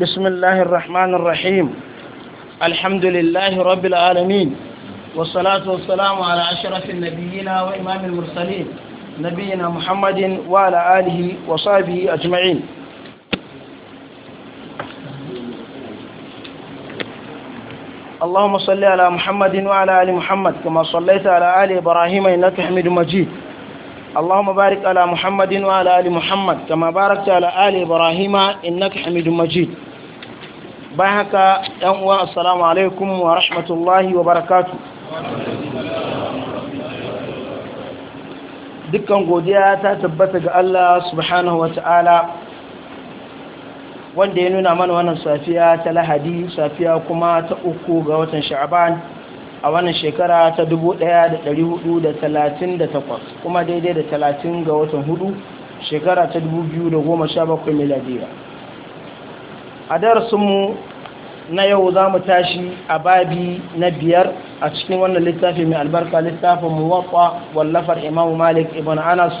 بسم الله الرحمن الرحيم الحمد لله رب العالمين والصلاة والسلام على أشرف النبيين وإمام المرسلين نبينا محمد وعلى آله وصحبه أجمعين اللهم صل على محمد وعلى آل محمد كما صليت على آل إبراهيم إنك حميد مجيد اللهم بارك على محمد وعلى آل محمد كما باركت على آل إبراهيم إنك حميد مجيد باهك أنواء السلام عليكم ورحمة الله وبركاته dukkan godiya ta tabbata ga Allah subhanahu wa ta'ala wanda ya nuna mana wannan safiya ta lahadi safiya kuma ta uku ga watan sha'aban a wannan shekara ta 1438 kuma daidai da 30 ga watan hudu shekara ta 2017 miladiya a darasinmu na yau za mu tashi a babi na biyar a cikin wannan littafi mai albarka littafin muwaffa wallafar imamu malik ibn anas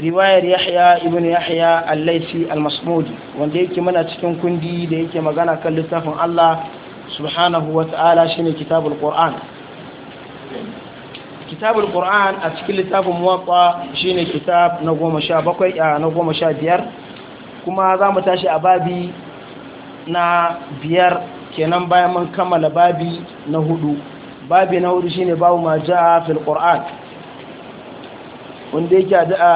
riwayar yahya ibn yahya al-laisi al-masmudi wanda yake mana cikin kundi da yake magana kan littafin allah subhanahu wa ta'ala shine kitabul qur'an kitabul qur'an a cikin littafin muwaqqa shine kitab na 17 a na 15 kuma zamu tashi a babi na biyar kenan bayan mun kammala babi na hudu babi na hudu shine babu ma ja'a fil qur'an wanda yake a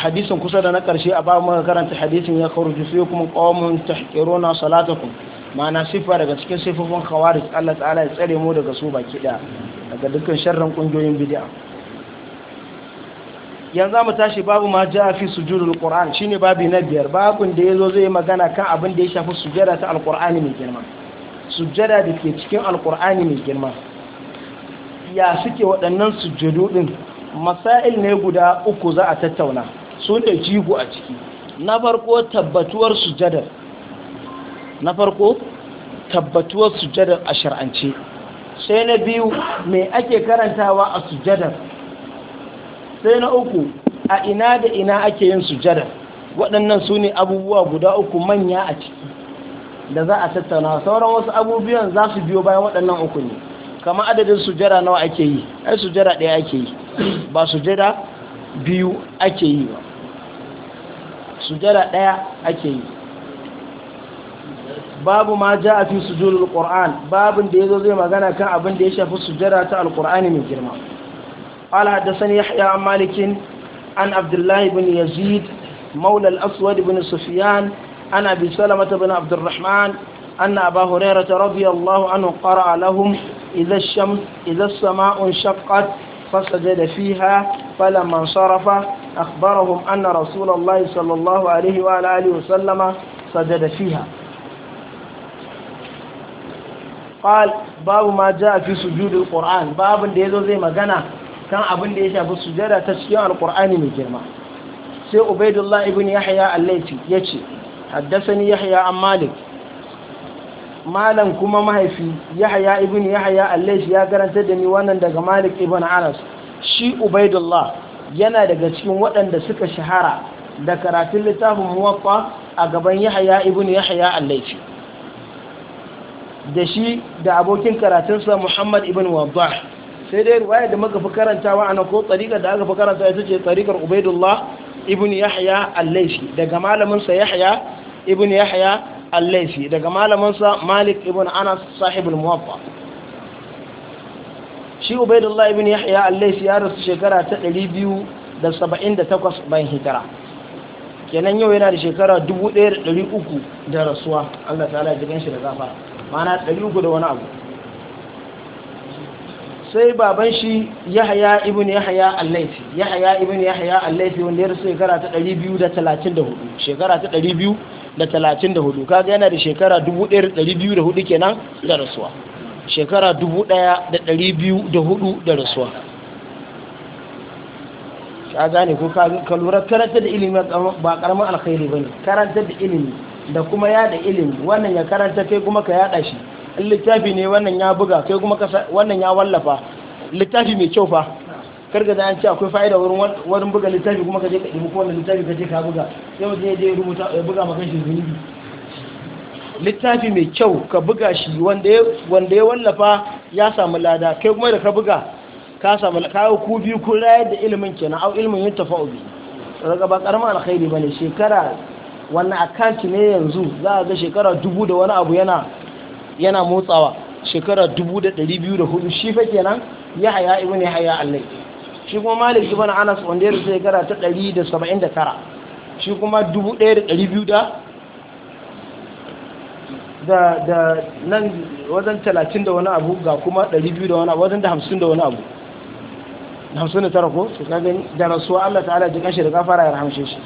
hadisin kusa da na karshe a babu mun karanta hadisin ya kharuju fiikum qawmun tahqiruna salatakum Mana sifa daga cikin sifofin khawarij Allah ta'ala ya tsare mu daga su baki daya daga dukkan sharrin kungiyoyin bid'a yanzu mu tashi babu ma ja fi sujudul qur'an shine babu na biyar babun da yazo zai magana kan abin da ya shafi sujada ta alqur'ani mai girma sujada da ke cikin alqur'ani mai girma ya suke waɗannan sujjadu din masail ne guda uku za a tattauna sun da jigo a ciki na farko tabbatuwar sujadar na farko tabbatuwar sujjadar a shar'ance sai na biyu mai ake karantawa a sujjadar sai na uku a ina da ina ake yin sujjadar waɗannan su ne abubuwa guda uku manya a ciki da za a tattauna sauran wasu abubuwan za su biyo bayan waɗannan uku ne kama adadin sujada nawa ake yi ai sujada ɗaya ake yi ba sujada biyu ake yi ba sujada ɗaya ake yi babu ma ja a fi sujudu al-ƙur'an babin da ya zo zai magana kan abin da ya shafi sujada ta al-ƙur'ani mai girma ala da sani ya malikin an abdullahi bin yazid maula al-aswad bin sufiyan an abi salamata bin abdurrahman anna aba huraira ta radiyallahu anhu qara'a lahum idza ash-shams idza as-sama'u shaqqat man sarafa akhbarahum anna rasulullahi sallallahu alaihi wa alihi wa qal babu ma jaa fi sujudil qur'an babun da yazo zai magana kan abin da ya shafi sujada ta cikin alqur'ani mai girma sai ubaidullah ibn yahya al-laythi yace haddathani yahya an malik malam kuma mahaifi yahya ibn yahya al-laythi ya karanta da ni wannan daga malik ibn anas shi ubaidullah yana daga cikin waɗanda suka shahara da karatun littafin muwaffa a gaban yahya ibn yahya al-laythi da shi da abokin karatunsa Muhammad ibn Wadda sai dai ruwaya da muka fi karantawa ana ko tsarikar da aka fi karanta ita ce tsarikar Ubaidullah ibn Yahya al-Laifi daga Yahya ibn Yahya al-Laifi daga Malik ibn Anas sahib al shi Ubaidullah ibn Yahya al ya rasu shekara ta 278 bayan hijira kenan yau yana da shekara 1300 da rasuwa Allah ta'ala ya jigan shi da gafara mana ɗari uku da wani abu sai baban shi yahaya ya yahaya allaifi ya yahaya ibini ya haya allaifi wanda ya rasu shekara ta ɗari biyu da hudu shekara ta 234 kaga yana da shekara dubu ɗari hudu kenan da rasuwa shekara dubu ɗaya da ɗari biyu da da hudu rasuwa ka gane ko ka lura karanta da ilimi ba karamin alkhairi ba ne, karanta da ilimi da kuma yada ilimi wannan ya karanta kai kuma ka yada shi littafi ne wannan ya buga kai kuma wannan ya wallafa littafi mai kyau fa karga da an ce akwai fa'ida wurin wurin buga littafi kuma ka je ka dimu ko wannan littafi ka je ka buga sai mutum ya je rubuta ya buga maka shi zunubi littafi mai kyau ka buga shi wanda ya wanda ya wallafa ya samu lada kai kuma da ka buga ka samu Ka yi ku biyu ku rayar da ilimin kenan au yin tafau bi Raga ba karaman alkhairi bane shekara wannan account ne yanzu za a ga shekara dubu da wani abu yana yana motsawa shekara dubu da ɗari biyu da hudu shi fa kenan ya haya ibn ya haya allai shi kuma malik ibn anas wanda ya rasu shekara ta ɗari da saba'in da tara shi kuma dubu ɗaya da ɗari biyu da da nan wajen talatin da wani abu ga kuma ɗari biyu da wani abu wajen da hamsin da wani abu hamsin da tara ko su ka gani da rasuwa allah ta'ala jikan shi da gafara ya rahamshe shi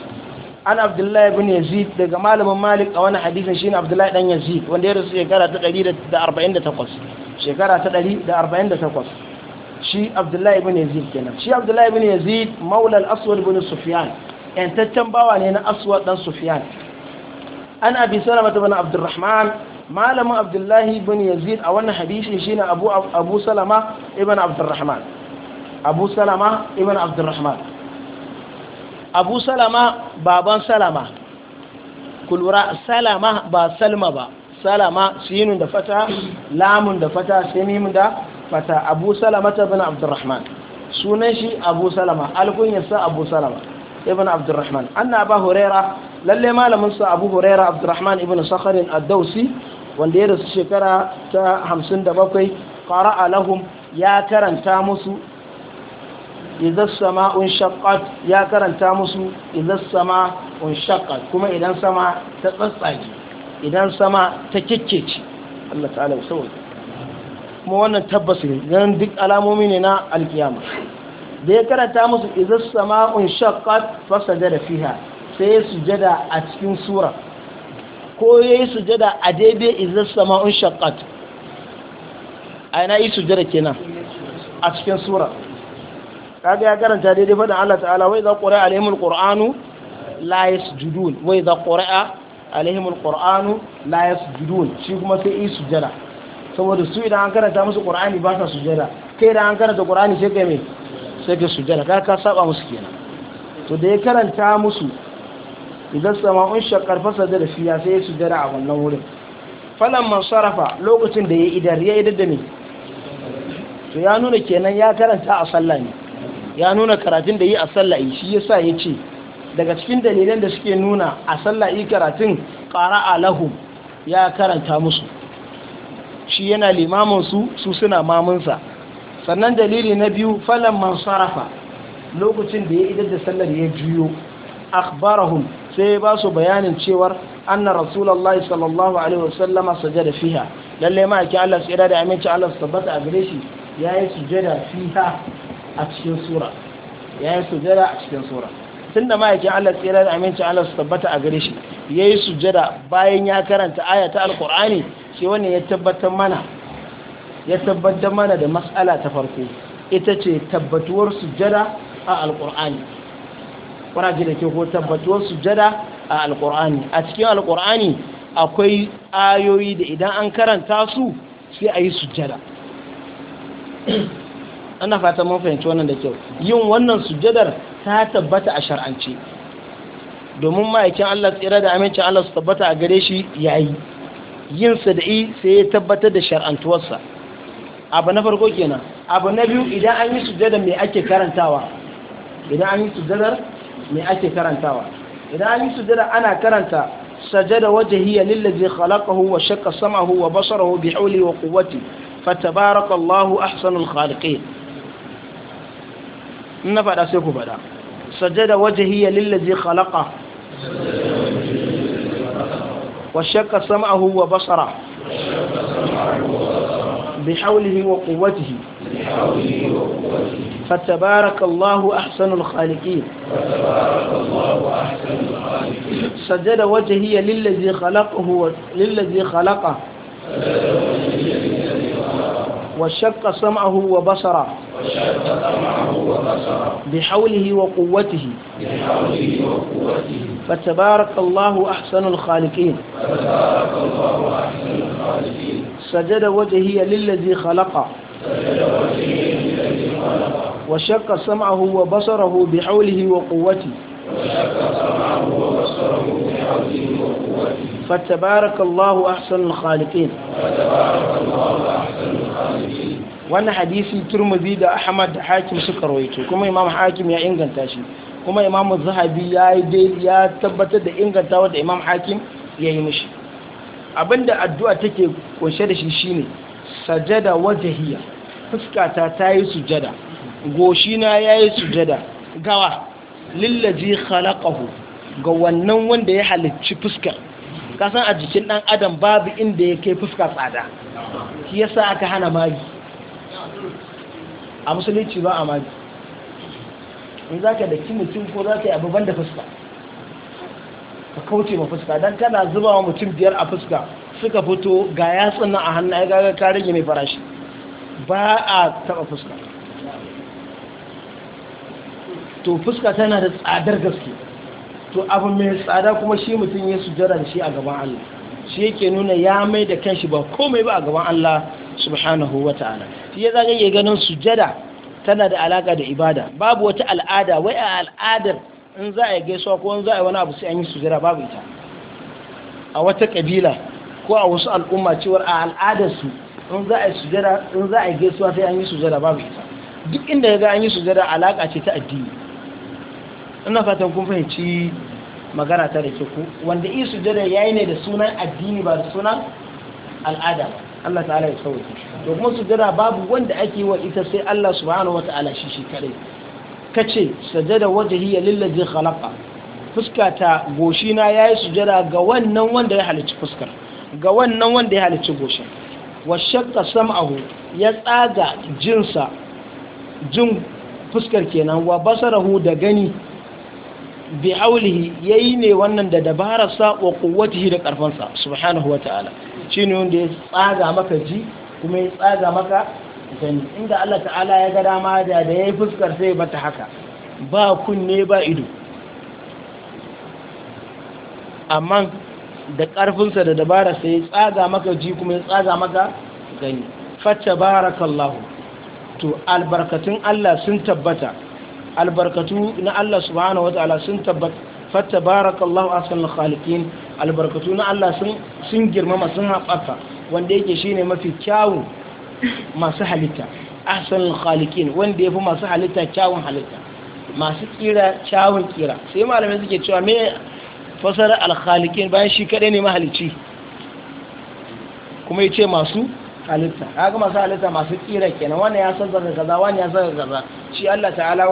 an abdullahi bin yazid daga malamin malik a wani hadisin shine abdullahi dan yazid wanda ya rasu shekara ta 148 shekara ta 148 shi abdullahi bin yazid kenan shi abdullahi bin yazid maula al-aswad bin sufyan yantaccen bawa ne na aswad dan sufyan an abi salama bin abdurrahman malamin abdullahi bin yazid a wani hadisi shine abu abu salama ibn abdurrahman abu salama ibn abdurrahman abu salama baban salama kulura salama ba salma ba salama sinu da fata lamun da fata samimun da fata abu salama ta bin abdurrahman sunan shi abu salama alkunyarsa abu salama ibn abdurrahman anna ba huraira lalle malamin sa abu huraira abdurrahman ibn sakharin ad dawsi wanda ya rasu shekara ta 57 qara'a lahum ya karanta musu idan sama un shaqqat ya karanta musu idan sama un shaqqat kuma idan sama ta tsatsage idan sama ta kikkece Allah ta'ala ya sauke kuma wannan tabbas ne ganin duk alamomi ne na alkiyama da ya karanta musu idan sama un shaqqat da fiha sai ya sujada a cikin sura ko ya yi sujada a daidai izar sama'un shakat a yana yi sujada kenan a cikin sura kaga ya karanta daidai faɗin Allah ta'ala wai za ƙura alaihimul qur'anu la yasjudun wai za ƙura alaihimul qur'anu la yasjudun shi kuma sai yi sujada saboda su idan an karanta musu qur'ani ba sa sujada kai idan an karanta qur'ani sai kai mai sai kai sujada kaga ka saba musu kenan to da ya karanta musu idan sama'un shakkar fasa da fiya sai ya sujada a wannan wurin falan man sarafa lokacin da ya idar ya idar da ne to ya nuna kenan ya karanta a sallah ne ya nuna karatun da yi a sallah shi yasa ya ce daga cikin dalilan da suke nuna a sallah yi karatun ƙara lahu ya karanta musu shi yana limamin su su suna mamunsa sannan dalili na biyu falan man sarafa lokacin da ya idar da sallar ya juyo akhbarahum sai ba su bayanin cewar anna rasulullahi sallallahu alaihi wasallama sajada fiha lalle ma yake Allah tsira da aminci Allah su tabbata a gare shi yayi sujada fiha a cikin sura ya yi sujada a cikin sura tun da ma'aikin Allah tsira da amincin Allah su tabbata a gare shi ya yi sujada bayan ya karanta aya ta alkur'ani shi wani ya tabbatar mana ya tabbatar mana da matsala ta farko ita ce tabbatuwar sujada a alkur'ani ji da ke ko tabbatuwar sujada a alkur'ani a cikin alkur'ani akwai ayoyi da idan an karanta su sai a yi sujada ana fata mun fahimci wannan da kyau yin wannan sujjadar ta tabbata a shar'ance domin ma'aikin Allah tsira da amincin Allah su tabbata a gare shi yayi yin sada'i sai ya tabbatar da shar'antuwarsa abu na farko kenan abu na biyu idan an yi sujjadar me ake karantawa idan an yi sujjadar me ake karantawa idan an yi sujjadar ana karanta sajada wajhiya lillazi khalaqahu wa shaqqa samahu wa basarahu bi hawli wa quwwati fatabarakallahu Allahu ahsanul khaliqin na faɗa sai ku faɗa sajjada wajhiyya lillazi khalaqa wa shakka sam'ahu wa basara bi hawlihi wa quwwatihi فتبارك الله أحسن الخالقين سجد وجهي للذي خلقه للذي خلقه وشق سمعه وبصره بحوله وقوته فتبارك الله أحسن الخالقين سجد وجهي للذي خلق وشق سمعه وبصره بحوله وقوته وشق سمعه وبصره بحوله وقوته فتبارك الله أحسن الخالقين wannan hadisi turmuzi da ahmad da hakim suka rawaito kuma imam hakim ya inganta shi kuma imam zahabi ya ya tabbatar da inganta wanda imam hakim ya yi mishi abinda addu'a take kunshe da shi shine sajada wajhiya fuska ta yi sujada goshina yayi sujada gawa lillazi khalaqahu ga wannan wanda ya halicci fuskar kasan a jikin ɗan adam babu inda ya kai fuska tsada shi yasa aka hana magi a musulunci ba a magi in za ka daki mutum ko za ka yi abubuwan da fuska ka kauce ma fuska don kana zuba wa mutum biyar a fuska suka fito ga yatsun a hannu ya gaga ka yi mai farashi ba a taɓa fuska to fuska tana da tsadar gaske to abu mai tsada kuma shi mutum ya sujjada da shi a gaban Allah shi yake nuna ya mai da kanshi ba komai ba a gaban Allah subhanahu wa ta'ala shi ya zagaye ya ganin sujada tana da alaka da ibada babu wata al'ada wai a al'adar in za a yi gaisuwa ko in za a yi wani abu sai an yi sujjada babu ita a wata kabila ko a wasu al'umma cewar a al'adarsu in za a yi sujjada in za a yi gaisuwa sai an yi sujjada babu ita duk inda ya ga an yi sujjada alaka ce ta addini ina fatan kun fahimci magana ta da ku wanda isu sujada yayi ne da sunan addini ba da sunan al'ada Allah ta'ala ya sauke to kuma su jira babu wanda ake wa ita sai Allah subhanahu wata'ala shi shi kadai kace sujada wajhiya lillazi khalaqa fuska ta goshi na yayi sujada ga wannan wanda ya halicci fuskar ga wannan wanda ya halicci goshin wa shaqqa sam'ahu ya tsaga jinsa jin fuskar kenan wa basarahu da gani bi haulihi yayi ne wannan da dabararsa wa quwwatihi da karfansa subhanahu wataala shine wanda ya tsaga maka ji kuma ya tsaga maka gani inda Allah ta'ala ya ga dama da da yayi fuskar sai bata haka ba kunne ba ido amma da karfinsa da dabararsa ya tsaga maka ji kuma ya tsaga maka gani fatabarakallahu to albarkatun Allah sun tabbata albarkatu na Allah subhanahu wa ta'ala sun tabbata a san khaliqin albarkatu na Allah sun sun girmama sun haɓaka wanda yake shine mafi kyawun masu halitta san khaliqin wanda yafi masu halitta kyawun halitta masu kira kyawun kira sai malamai suke cewa me fasara al-khaliqin bayan shi kadai ne mahalici kuma yace masu halitta kaga masu halitta masu kira kenan wannan ya san kaza wannan ya san kaza shi Allah ta'ala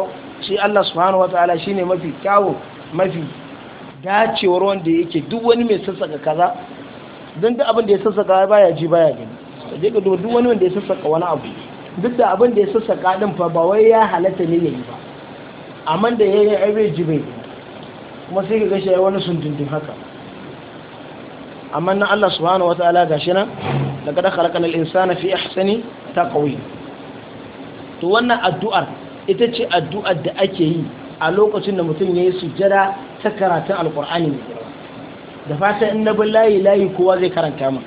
shi Allah subhanahu wataala shine mafi kyawo mafi dacewar wanda yake duk wani mai sassaka kaza don duk abin da ya sassaka baya ji baya gani da je duk wani wanda ya sassaka wani abu duk da abin da ya sassaka din fa ba wai ya halatta ne yayi ba amma da yayi ai bai ji bai kuma sai ga gashi wani sundundun haka amma na Allah subhanahu wataala gashi nan laqad khalaqnal insana fi ahsani taqwim to wannan addu'ar ita ce addu'ar da ake yi a lokacin da mutum ya yi sujjada ta karatun alkur'ani mai girma da fata in na bin layi layi kowa zai karanta ma.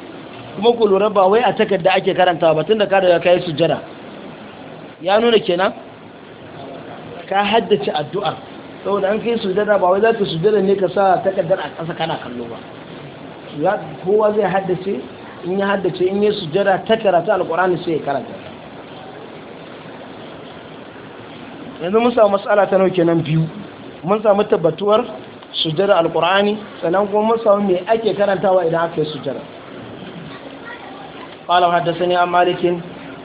kuma ku lura ba wai a takarda ake karanta ba tun da ka daga yi sujjada ya nuna kenan ka haddace addu'ar saboda an kai sujjada ba wai za ka sujjada ne ka sa takardar a ƙasa kana kallo ba kowa zai haddace in ya haddace in ya sujjada ta karatun alkur'ani sai ya karanta yanzu mun samu matsala ta nauke nan biyu mun samu tabbatuwar sujjada alkur'ani sannan kuma mun samu me ake karantawa idan aka yi sujjada قال حدثني عن مالك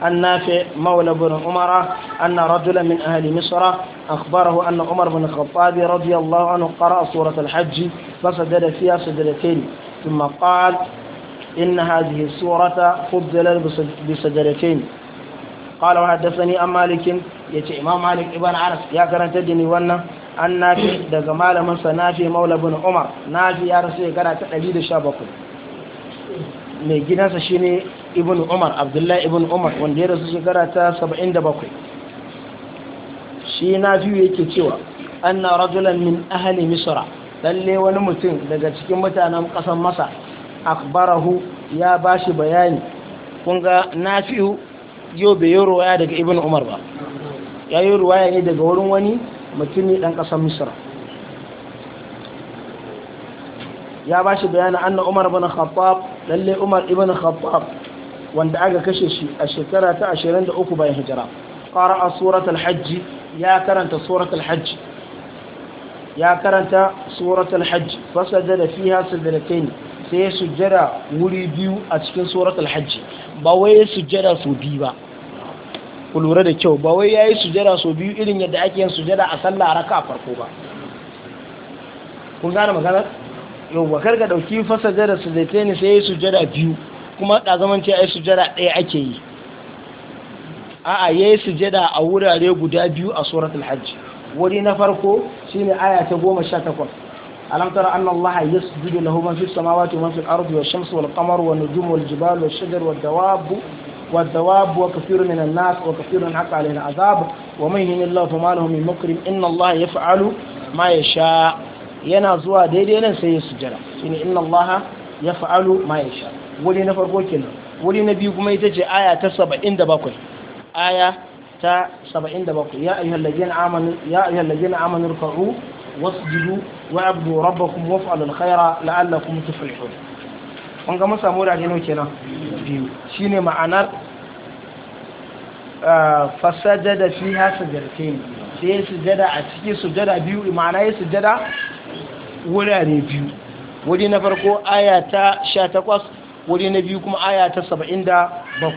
عن نافع مولى بن عمر أن رجلا من أهل مصر أخبره أن عمر بن الخطاب رضي الله عنه قرأ سورة الحج فسجد فيها سجدتين ثم قال إن هذه السورة فضلت بسجدتين قال وحدثني عن مالك يتي إمام مالك ابن أنس يا كرنت دني وانا أن نافي دغ مالما سنافي مولى بن عمر نافي يا رسول كرا تدبيد شابكو mai gidansa shine ibn umar abdullahi ibn umar wanda ya rasu shekara ta 77 shi na biyu yake cewa anna rajulan min ahli misra lalle wani mutum daga cikin mutanen ƙasar masa akbarahu ya bashi bayani kun ga nafi'u yau bai yi ruwaya daga ibn umar ba ya yi ruwaya ne daga wurin wani mutum ne ɗan ƙasar misra ya ba shi bayanin anna umar bin khattab lalle umar ibn khattab wanda aka kashe shi a shekara ta 23 bayan hijira qara'a surat al-hajj ya karanta surat al-hajj ya karanta surat al-hajj da fiha sajdatayn sai ya sujjada wuri biyu a cikin surat al ba wai ya sujjada su biyu ba ku lura da kyau ba wai yayi sujada so biyu irin yadda ake yin sujada a sallah raka farko ba kun gane magana yau ba karka dauki fa sujada ne sai yayi sujada biyu kuma da zaman ce ai sujada ɗaya ake yi a'a yayi sujada a wurare guda biyu a suratul hajj wuri na farko shine aya ta 18 ألم تر أن الله يسجد له من في السماوات ومن في الأرض والشمس والقمر والنجوم والجبال والشجر والدواب والثواب وكثير من الناس وكثير حق علينا عذاب ومن يهن الله فما له من مكرم إن الله يفعل ما يشاء yana zuwa daidai nan sai ya sujjara shine inna allaha yaf'alu ma yasha wuri na farko kenan wuri na biyu kuma ita ce aya ta 77 aya ta 77 ya ayyuhal ladina amanu ya ayyuhal ladina amanu ruk'u wasjudu wa'budu rabbakum waf'alul khaira la'allakum tuflihun kun ga mun samu wurare nau kenan biyu shine ma'anar eh, fasaja da fi ha ne sai ya sujada a cikin sujada biyu ma'ana ya sujada wurare biyu wuri na farko aya ta 18 wuri na biyu kuma aya ta 77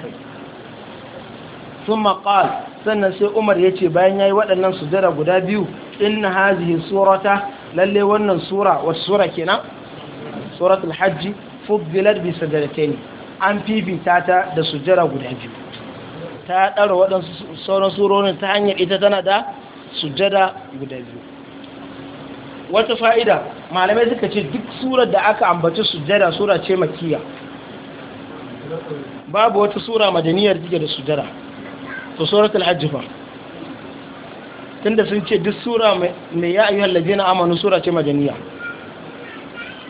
sun maƙal sannan sai umar ya ce bayan ya yi waɗannan sujada guda biyu na hazihi surata lalle wannan sura wasu sura kenan suratul hajji fuddilat bi sajadatain an fifita ta da sujjara guda biyu ta ɗara waɗansu sauran surorin ta hanyar ita tana da sujjada guda biyu wata fa'ida malamai suka ce duk surar da aka ambaci sujjada sura ce makiya babu wata sura madaniyar take da sujjada to suratul hajj tun tunda sun ce duk sura mai ya ayyuhal ladina amanu sura ce majaniya.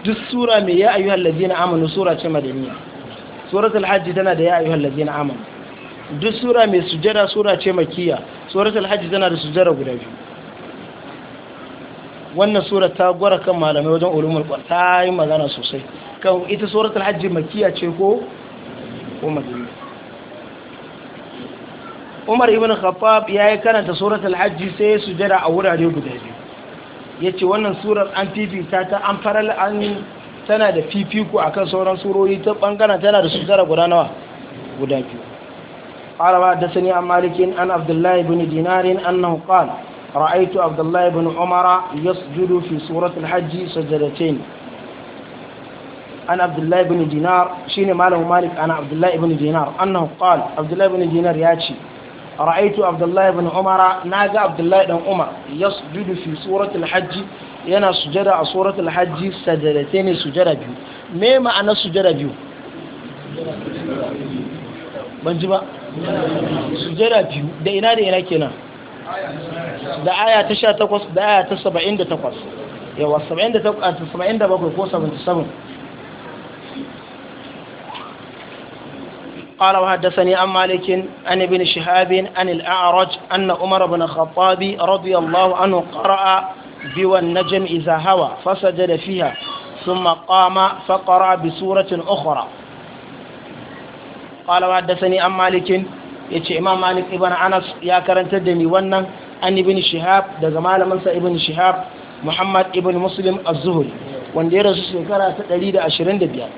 duk sura mai ya ayyuhal ladina amanu sura ce madaniya suratul hajji tana da ya ayyuhal ladina amanu duk sura mai sujada, sura ce makiya suratul hajji tana da sujada guda biyu wannan sura ta gwara kan malamai wajen ulumul qur'an ta yi magana sosai kan ita suratul hajji makiya ce ko ko madaniya Umar ibn Khattab yayi karanta suratul hajji sai sujada a wurare guda biyu ya ce wannan surar an fifita ta an farali an tana da fifiku a kan sauran surori ta ɓangana tana da sutara guda nawa guda fi ƙarawa da sani a malikin an abdullahi bin dinarin an nan ƙwan ra'aitu abdullahi bin umara ya judo fi suratul hajji sajadatain an abdullahi bin dinar shi ne malik an abdullahi bin dinar an nan abdullahi bin dinar ya ce ra'aitu abdullahi bin umara na ga abdullahi dan umar yasjudu fi suratul hajji yana sujada a suratul hajji sajadatai sujada biyu me ma'ana sujada biyu ban ji ba sujada biyu da ina da ina kenan da aya ta 18 da aya ta 78 yawa 77 ko 77 قال وحدثني عن مالك عن ابن شهاب عن الأعرج أن عمر بن الخطاب رضي الله عنه قرأ بوى النجم إذا هوى فسجد فيها ثم قام فقرأ بسورة أخرى قال وحدثني عن مالك يتي إمام مالك ابن أنس يا كرنت دني ونن عن ابن شهاب ده زمان منسى ابن شهاب محمد ابن مسلم الزهري wanda ya rasu shekara ta 125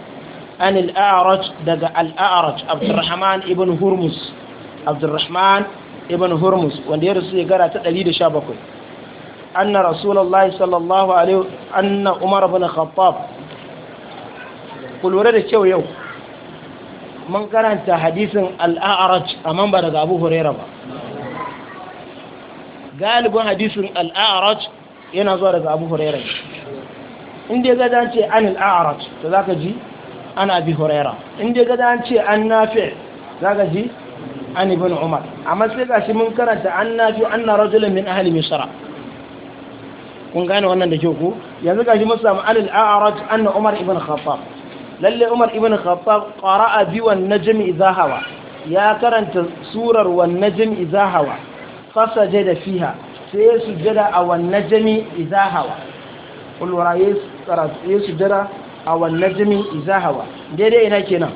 an al daga al-a'raj abdurrahman ibn hurmus abdurrahman ibn hurmus wanda ya rasu gara ta 117 anna rasulullahi sallallahu alaihi anna umar ibn khattab ku lura da kyau yau mun karanta hadisin al'a'araj amma ba daga abu huraira ba galibin hadisin al'a'araj yana zuwa daga abu huraira inda ya gaza ce an al'a'araj da za ka ji ana bi huraira inda ga dan ce an nafi zaka ji an ibn umar amma sai gashi mun karanta an nafi anna rajulan min ahli misra kun gane wannan da kyau ku yanzu gashi mun samu alil a'raj anna umar ibn khattab lalle umar ibn khattab qara'a bi wan najm idha hawa ya karanta surar wan najm idha hawa sajada fiha sai sujada a wan najm idha hawa kullu ra'is karatu sujada a wannan jimin izahawa daidai ina kenan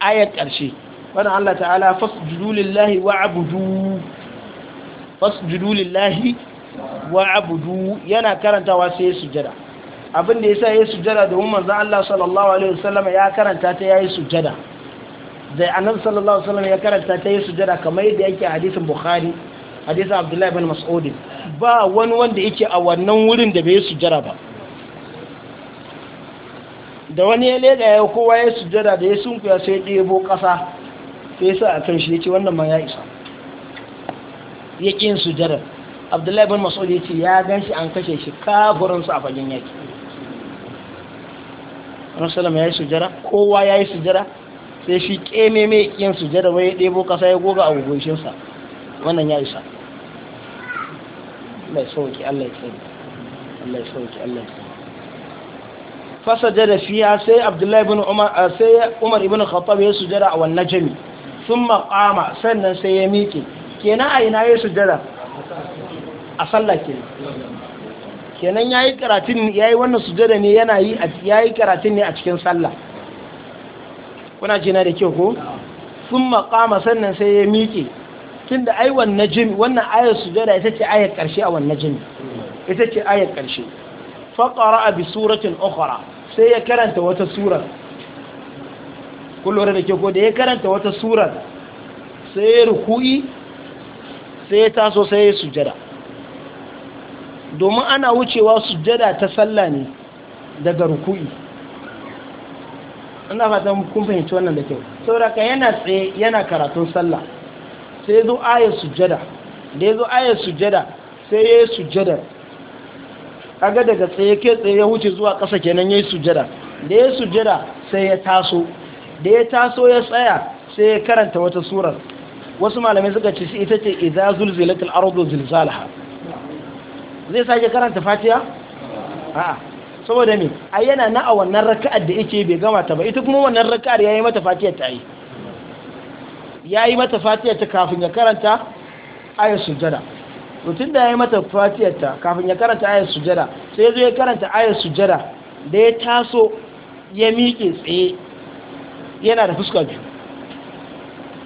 ayat ƙarshe wannan Allah ta'ala fasjudu lillahi wa abudu wa abudu yana karantawa sai ya sujada abin da sa ya sujada domin za Allah sallallahu alaihi wasallam ya karanta ta ya yi sujada da Annan sallallahu alaihi wasallam ya karanta ta ya sujada kamar yadda yake a hadisin bukhari hadisin abdullahi bin Mas'udin. ba wani wanda yake a wannan wurin da bai sujada ba da wani ya leda ya kowa ya sujada da ya sunkuya sai ya ɗebo ƙasa sai sa a kan shi ya ce wannan ma ya isa ya ƙin sujada abdullahi bin mas'ud ya ce ya gan shi an kashe shi kafurinsa a fagen yaki rasulama ya yi sujada kowa ya yi sujada sai shi ƙeme mai ƙin sujada wai ya ɗebo ƙasa ya goga a gugunshinsa wannan ya isa ya sauki allah ya sauki allah ya sauki allah ya فسجد فيها سي عبد الله بن عمر سي عمر بن الخطاب يسجد على النجم ثم قام سنن سي يميكي كينا اينا يسجد a sallah kenan kenan yayi karatun yayi wannan sujada ne yana yi yayi karatun ne a cikin sallah kuna jina da kyau ko thumma qama sannan sai ya miƙe tunda ai wannan jin wannan ayar sujada ita ce ayar karshe a wannan jin ita ce ayar karshe faƙara a bi suratin okara sai ya karanta wata surar kullum da ke ko da ya karanta wata surar sai ya ruku'i sai ya taso sai ya sujada domin ana wucewa sujada ta sallah ne daga ruku'i ina fatan kun fahimci wannan da kyau sauraka yana tsaye yana karatun sallah sai ya zo ayar sujada da ya zo ayar sujada sai ya yi sujadar kaga daga tsaye ke tsaye ya huce zuwa ƙasa kenan ya yi sujjada da ya sujjada sai ya taso da ya taso ya tsaya sai ya karanta wata surar wasu malamai suka ce ita ce idza zulzilatil ardu zilzalaha zai sake karanta fatiha a'a saboda me ai yana na a wannan raka'ar da yake bai gama ta ba ita kuma wannan raka'ar yayi mata fatiha ta yi yayi mata fatiha ta kafin ya karanta ayat sujjada Mutum da ya yi mata fatiyarta kafin ya karanta ayar sujada sai ya zo ya karanta ayar sujada da ya taso ya miƙe tsaye yana da fuska biyu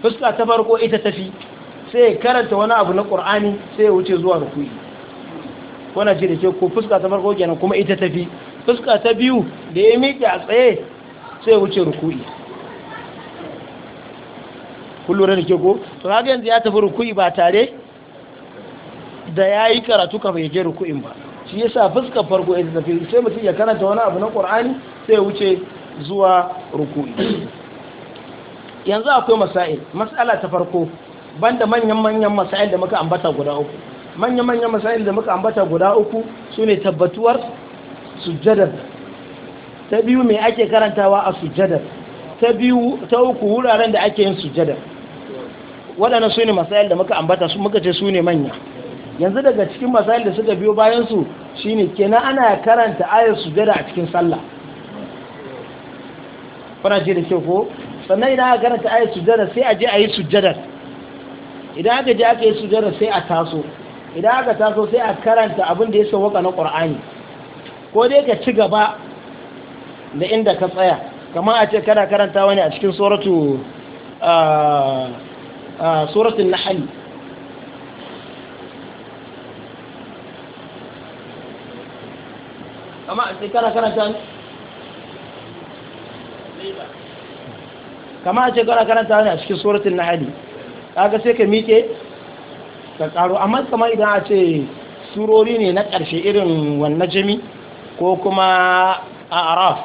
fuska ta farko ita tafi sai ya karanta wani abu na ƙur'ani sai ya wuce zuwa rukuni wana ce da ce ko fuska ta farko kenan kuma ita tafi fuska ta biyu da ya miƙe a tsaye sai ya wuce rukuni kullum da ke ko to haka yanzu ya tafi rukuni ba tare da ya yi karatu kafa ya je ruku'in ba shi yasa fuskar farko ya tafi sai mutum ya karanta wani abu na ƙur'ani sai ya wuce zuwa ruku'i yanzu akwai masail mas'ala ta farko banda manyan manyan masail da muka ambata guda uku manyan manyan masail da muka ambata guda uku sune tabbatuwar sujjadar ta biyu me ake karantawa a sujjadar ta biyu ta uku wuraren da ake yin sujjadar waɗannan sune masail da muka ambata muka ce sune manya yanzu daga cikin masayin da suka biyo bayansu, shi ne kenan ana karanta ayar sujada a cikin sallah kuna ji da ke ko sannan idan aka karanta ayar sujada sai a je a yi sujada idan aka je aka yi sujada sai a taso idan aka taso sai a karanta abin da ya waka na qur'ani ko dai ka ci gaba da inda ka tsaya Kama a ce kana karanta wani a cikin suratu ah, ah, na hali. amma a ce karanta ne kama a kana karanta ne a cikin suratun nahali kaga sai ka miƙe ka karo amma kama idan a ce surori ne na ƙarshe irin wannan jami ko kuma a araf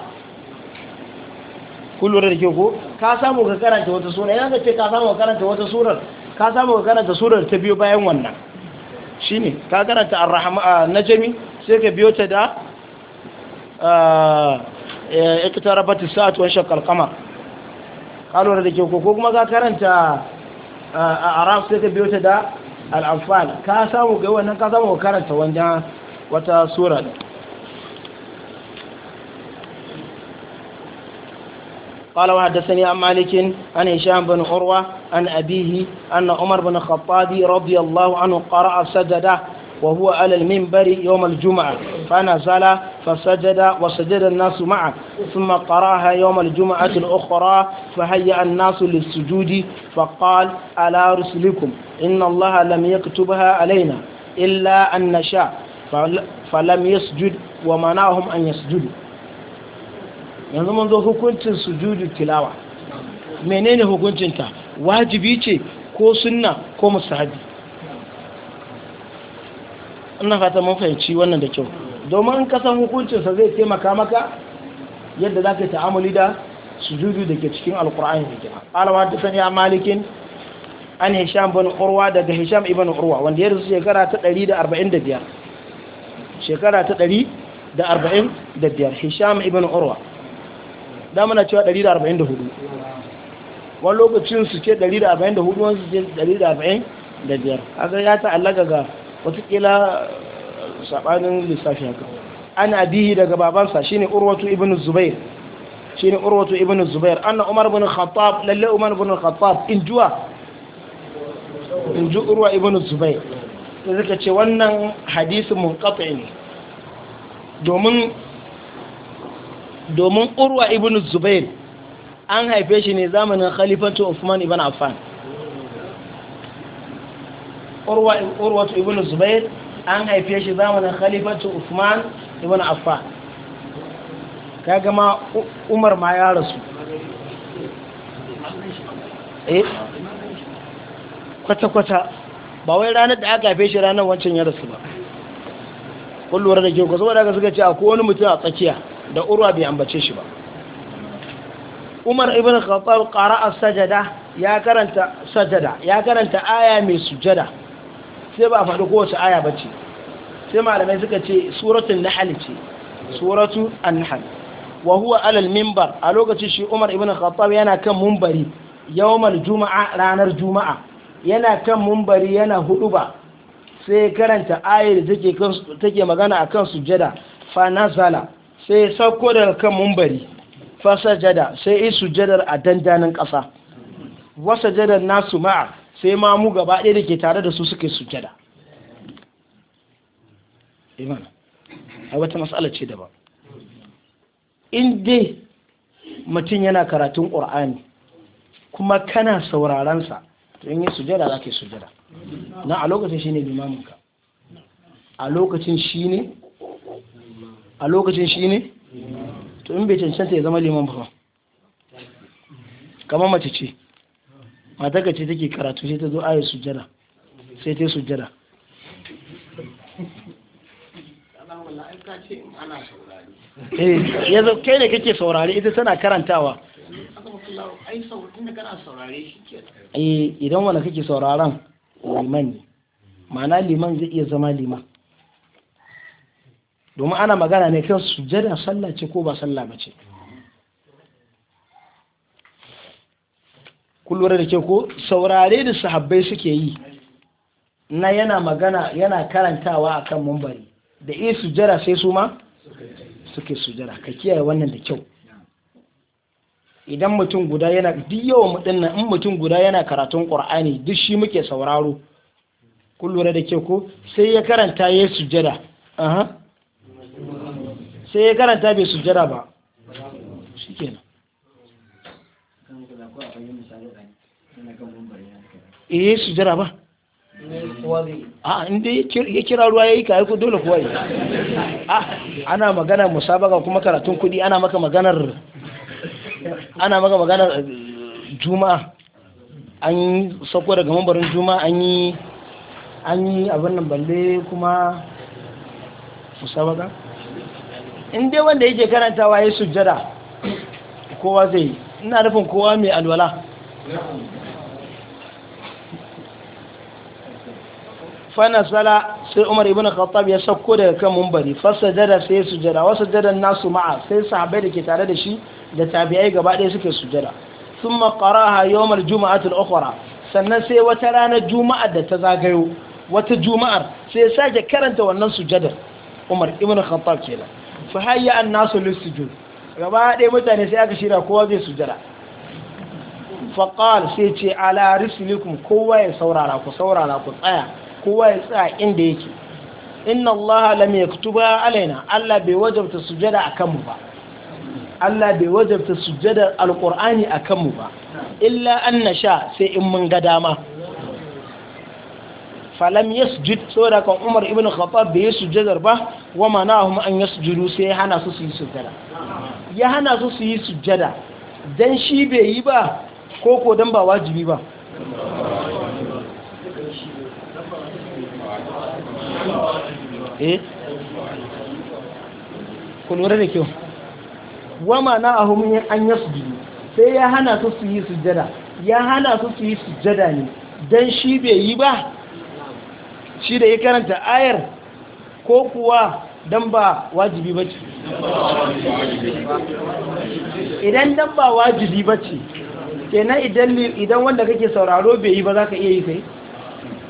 kullum da ke ko ka samu ka karanta wata surar yana da ce ka samu ka karanta wata surar ka samu ka karanta surar ta biyo bayan wannan shi ne ka karanta na jami sai ka biyo ta da iqtarabat as-sa'atu wa shaqqa kamar qamar da ke ko kuma ka karanta a sai ka biyo ta da al-anfal ka samu ga wannan ka samu karanta wanda wata sura da قال وحدثني عن مالك عن هشام بن عروة عن أبيه أن عمر بن الخطاب رضي الله عنه قرأ سجده وهو على المنبر يوم الجمعة فنزل فسجد وسجد الناس معه ثم قراها يوم الجمعة الأخرى فهيأ الناس للسجود فقال على رسلكم إن الله لم يكتبها علينا إلا أن نشاء فلم يسجد ومنعهم أن يسجدوا yanzu mun zo hukuncin sujudu tilawa menene hukuncinta wajibi ce ko sunna ko musahabi ina fata mun fahimci wannan da kyau domin in ka san hukuncinsa zai taimaka maka yadda za ka yi ta'amuli da sujudu da ke cikin alkur'ani da kira alama ta sani a malikin an hisham bin urwa daga hisham ibn urwa wanda ya rasu shekara ta 145 shekara ta 145 hisham ibn urwa da muna cewa 144 wani lokacin su ce 144 wani su ce 145 haka ya ta'allaka ga watakila eh, sabanin lissafi haka an abihi daga babansa shine urwatu ibnu zubair shine urwatu ibnu zubair anna umar ibn khattab lalle umar ibn khattab in juwa in ju urwa ibnu zubair sai zaka ce wannan hadisi munqati ne domin domin urwa ibnu zubair an haife shi ne zamanin khalifatu usman ibn Affan urwatu ibn zubair an haife shi zamanin khalifatu usman ibn affan kaga ma umar ma ya rasu eh kwata-kwata ba wai ranar da aka haife shi ranar wancan ya rasu ba kun da kyau saboda aka suka ce akwai wani mutum a tsakiya da urwa bai ambace shi ba umar ibn khattab qara'a sajada ya karanta sajada ya karanta aya mai sujada sai ba a faɗi kowace aya ba ce sai malamai suka ce suratun nahal ce suratun an-nahal wa huwa alal mimbar a lokacin shi Umar ibn Khattab yana kan mumbari yawmal juma'a ranar juma'a yana kan mumbari yana hudu ba sai karanta ayar da take magana a kan sujada fa nazala sai sauko daga kan mumbari fa sajada sai yi sujadar a dandanin ƙasa wa sajadar nasu ma'a sai ma mu gaba ɗaya da ke tare da su suke sujada iman eh, a wata matsala ce daban in dai mutum yana karatun ƙur'ani kuma kana saurarensa to in yi sujada za ka yi sujada na a lokacin shi ne limaminka a lokacin shi ne a lokacin shi ne to in bai cancanta ya zama liman ba kamar mace ce mata ce take karatu sai ta zo ayi sujjada sai ta sujjada eh, ya zo kai ne kake saurare ita tana karantawa eh, idan wani kake sauraron liman ne ma'ana liman zai iya zama liman domin ana magana ne kan sujjada sallah ce ko ba sallah ba ce kullum da ke ko saurare da sahabbai suke yi na yana magana yana karantawa a kan mumbari da iya sujara sai su ma suke sujara ka kiyaye wannan da kyau idan mutum guda yana duk yawan mutum in mutum guda yana karatun ƙur'ani duk shi muke sauraro kun da ke ko sai ya karanta ya aha sai ya karanta bai sujara ba shikenan eh su jira ba a ah, inda ya kira ruwa ya yi ka ko dole kuwa yi ah, ana magana musabaka kuma karatun kudi ana maka maganar ana maka maganar eh, juma'a an yi sauko daga mambarin juma'a an yi an yi abin nan balle kuma musabaka in dai wanda yake karantawa ya sujjada kowa zai yi ina nufin kowa mai alwala fanasala sai umar ibn khattab ya sauko daga kan mumbari fasajada sai sujada wasu jadan nasu ma'a sai sahabbai da ke tare da shi da tabi'ai gaba ɗaya suke sujada thumma qaraha yawm al-jum'ah al-ukhra sannan sai wata ranar juma'ar da ta zagayo wata juma'ar sai ya sake karanta wannan sujadar umar ibn khattab kenan fa hayya an-nasu lis-sujud gaba ɗaya mutane sai aka shira kowa zai sujada faƙal sai ce ala risilikum kowa ya saurara ku saurara ku tsaya kowa ya tsaya inda yake inna Allah lam yaktuba alaina Allah bai wajabta sujada akan mu ba Allah bai wajabta sujada alqur'ani akan mu ba illa an nasha sai in mun ga dama falam yasjud saboda kan Umar ibn Khattab bai yi sujadar ba wa manahum an yasjudu sai ya hana su su yi sujada ya hana su su yi sujada dan shi bai yi ba ko ko dan ba wajibi ba eh ku lura da kyau wa mana a homin an yasbi sai ya hana su su yi sujjada ya hana su su yi sujjada ne dan shi bai yi ba shi da ya karanta ayar ko kuwa dan ba wajibi bace idan dan ba wajibi bace kenan idan idan wanda kake sauraro bai yi ba za ka iya yi kai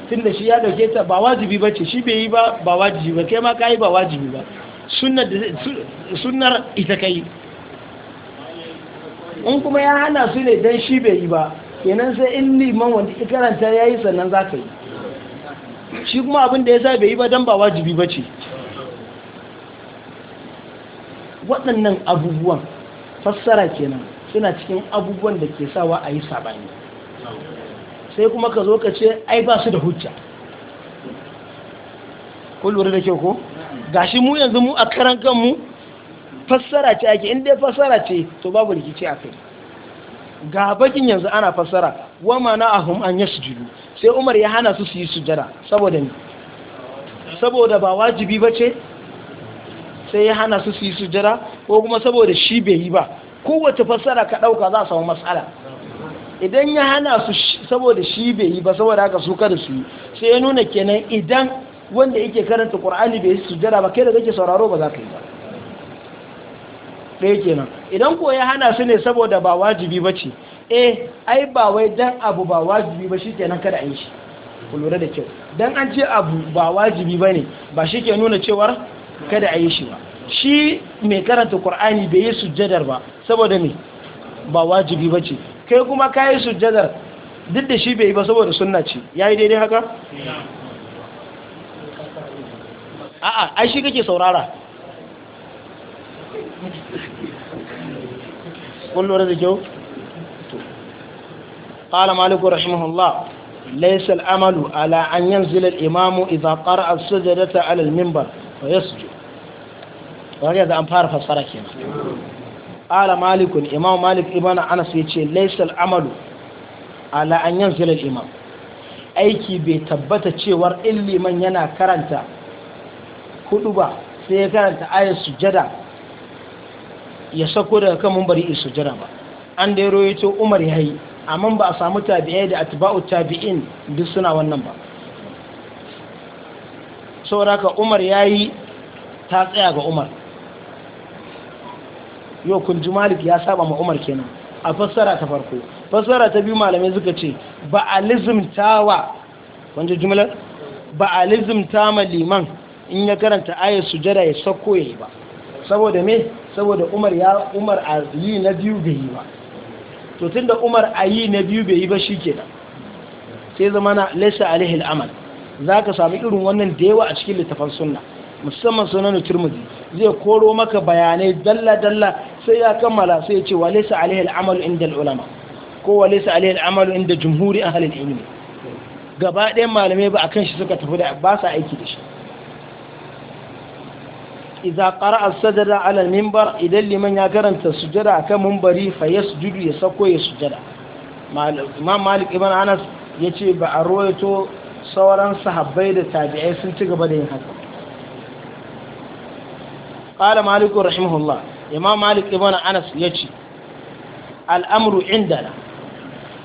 tunda shi ya dauke ta ba wajibi ba ce shi bai yi ba ba wajibi ba kai ma ka yi ba wajibi ba sunnar ita ka yi in kuma ya hana su ne don shi bai yi ba kenan sai in liman wanda ya karanta ya yi sannan za ka yi shi kuma abin da ya sa bai yi ba don ba wajibi ba ce waɗannan abubuwan fassara kenan suna cikin abubuwan da ke sawa a yi sabani sai kuma ka zo ka ce ai ba su da hujja ko lura da kyau ko gashi mu yanzu mu a karan kanmu fassara ce ake inda fassara ce to babu rikici a kai ga bakin yanzu ana fassara wa mana ahun an jiru sai Umar ya hana su su yi sujada saboda ne saboda ba wajibi bace sai ya hana su su yi sujada ko kuma saboda shi bai yi ba kowace fassara ka ɗauka za a samu matsala idan ya hana su saboda shi bai yi ba saboda haka su kada su yi sai ya nuna kenan idan wanda yake karanta qur'ani bai yi sujjada ba kai da kake sauraro ba za ka yi ba ɗaya kenan idan ko ya hana su ne saboda ba wajibi ba ce eh ai ba wai dan abu ba wajibi ba shi kenan kada a yi shi ku lura da kyau dan an ce abu ba wajibi ba ne ba shi ke nuna cewar kada a yi shi ba shi mai karanta qur'ani bai yi sujjadar ba saboda me ba wajibi ba ce, kai kuma ka kai sujjadar duk da shi bai yi ba saboda suna ce ya yayi daidai haka a'a ai shi kake saurara قل ورد جو قال مالك رحمه الله ليس الأمل على أن ينزل الإمام إذا قرأ السجدة على المنبر فيسجد wani yanzu an fara fassara kenan ala malikun imam malik ibn anas yace ce laisal amalu ala an yan zilal imam aiki bai tabbata cewar illiman yana karanta hudu ba sai ya karanta ayar sujada ya sako daga kan mumbari in sujada ba an da ya to umar ya yi amma ba a samu tabi'ai da atba'u tabi'in duk suna wannan ba saboda ka umar ya yi ta tsaya ga umar yau kun ji malik ya saba ma umar kenan a fassara ta farko fassara ta biyu malamai suka ce ba a lizimtawa wanda jumlar ba a lizimta ma liman in ya karanta ayar sujada ya sako ya yi ba saboda me saboda umar ya umar a yi na biyu bai yi ba to tun da umar a yi na biyu bai yi ba shi da? sai zama na lesa alihil amal za ka sami irin wannan da yawa a cikin littafan sunna musamman sunan turmudi zai koro maka bayanai dalla-dalla sai ya kammala sai ya ce wa laysa alaihi al'amalu inda al'ulama? ko wa laysa alaihi al'amalu inda jumhuri ahli ilmi gaba ɗaya malamai ba akan shi suka tafi da ba sa aiki da shi idza qara'a a sajda 'ala al-minbar idan liman ya karanta sujada akan minbari fa yasjudu ya sako ya sujada imam malik ibn anas yace ba a royato sauran sahabbai da tabi'ai sun ci gaba da yin haka qala malik rahimahullah imam malik ibn anas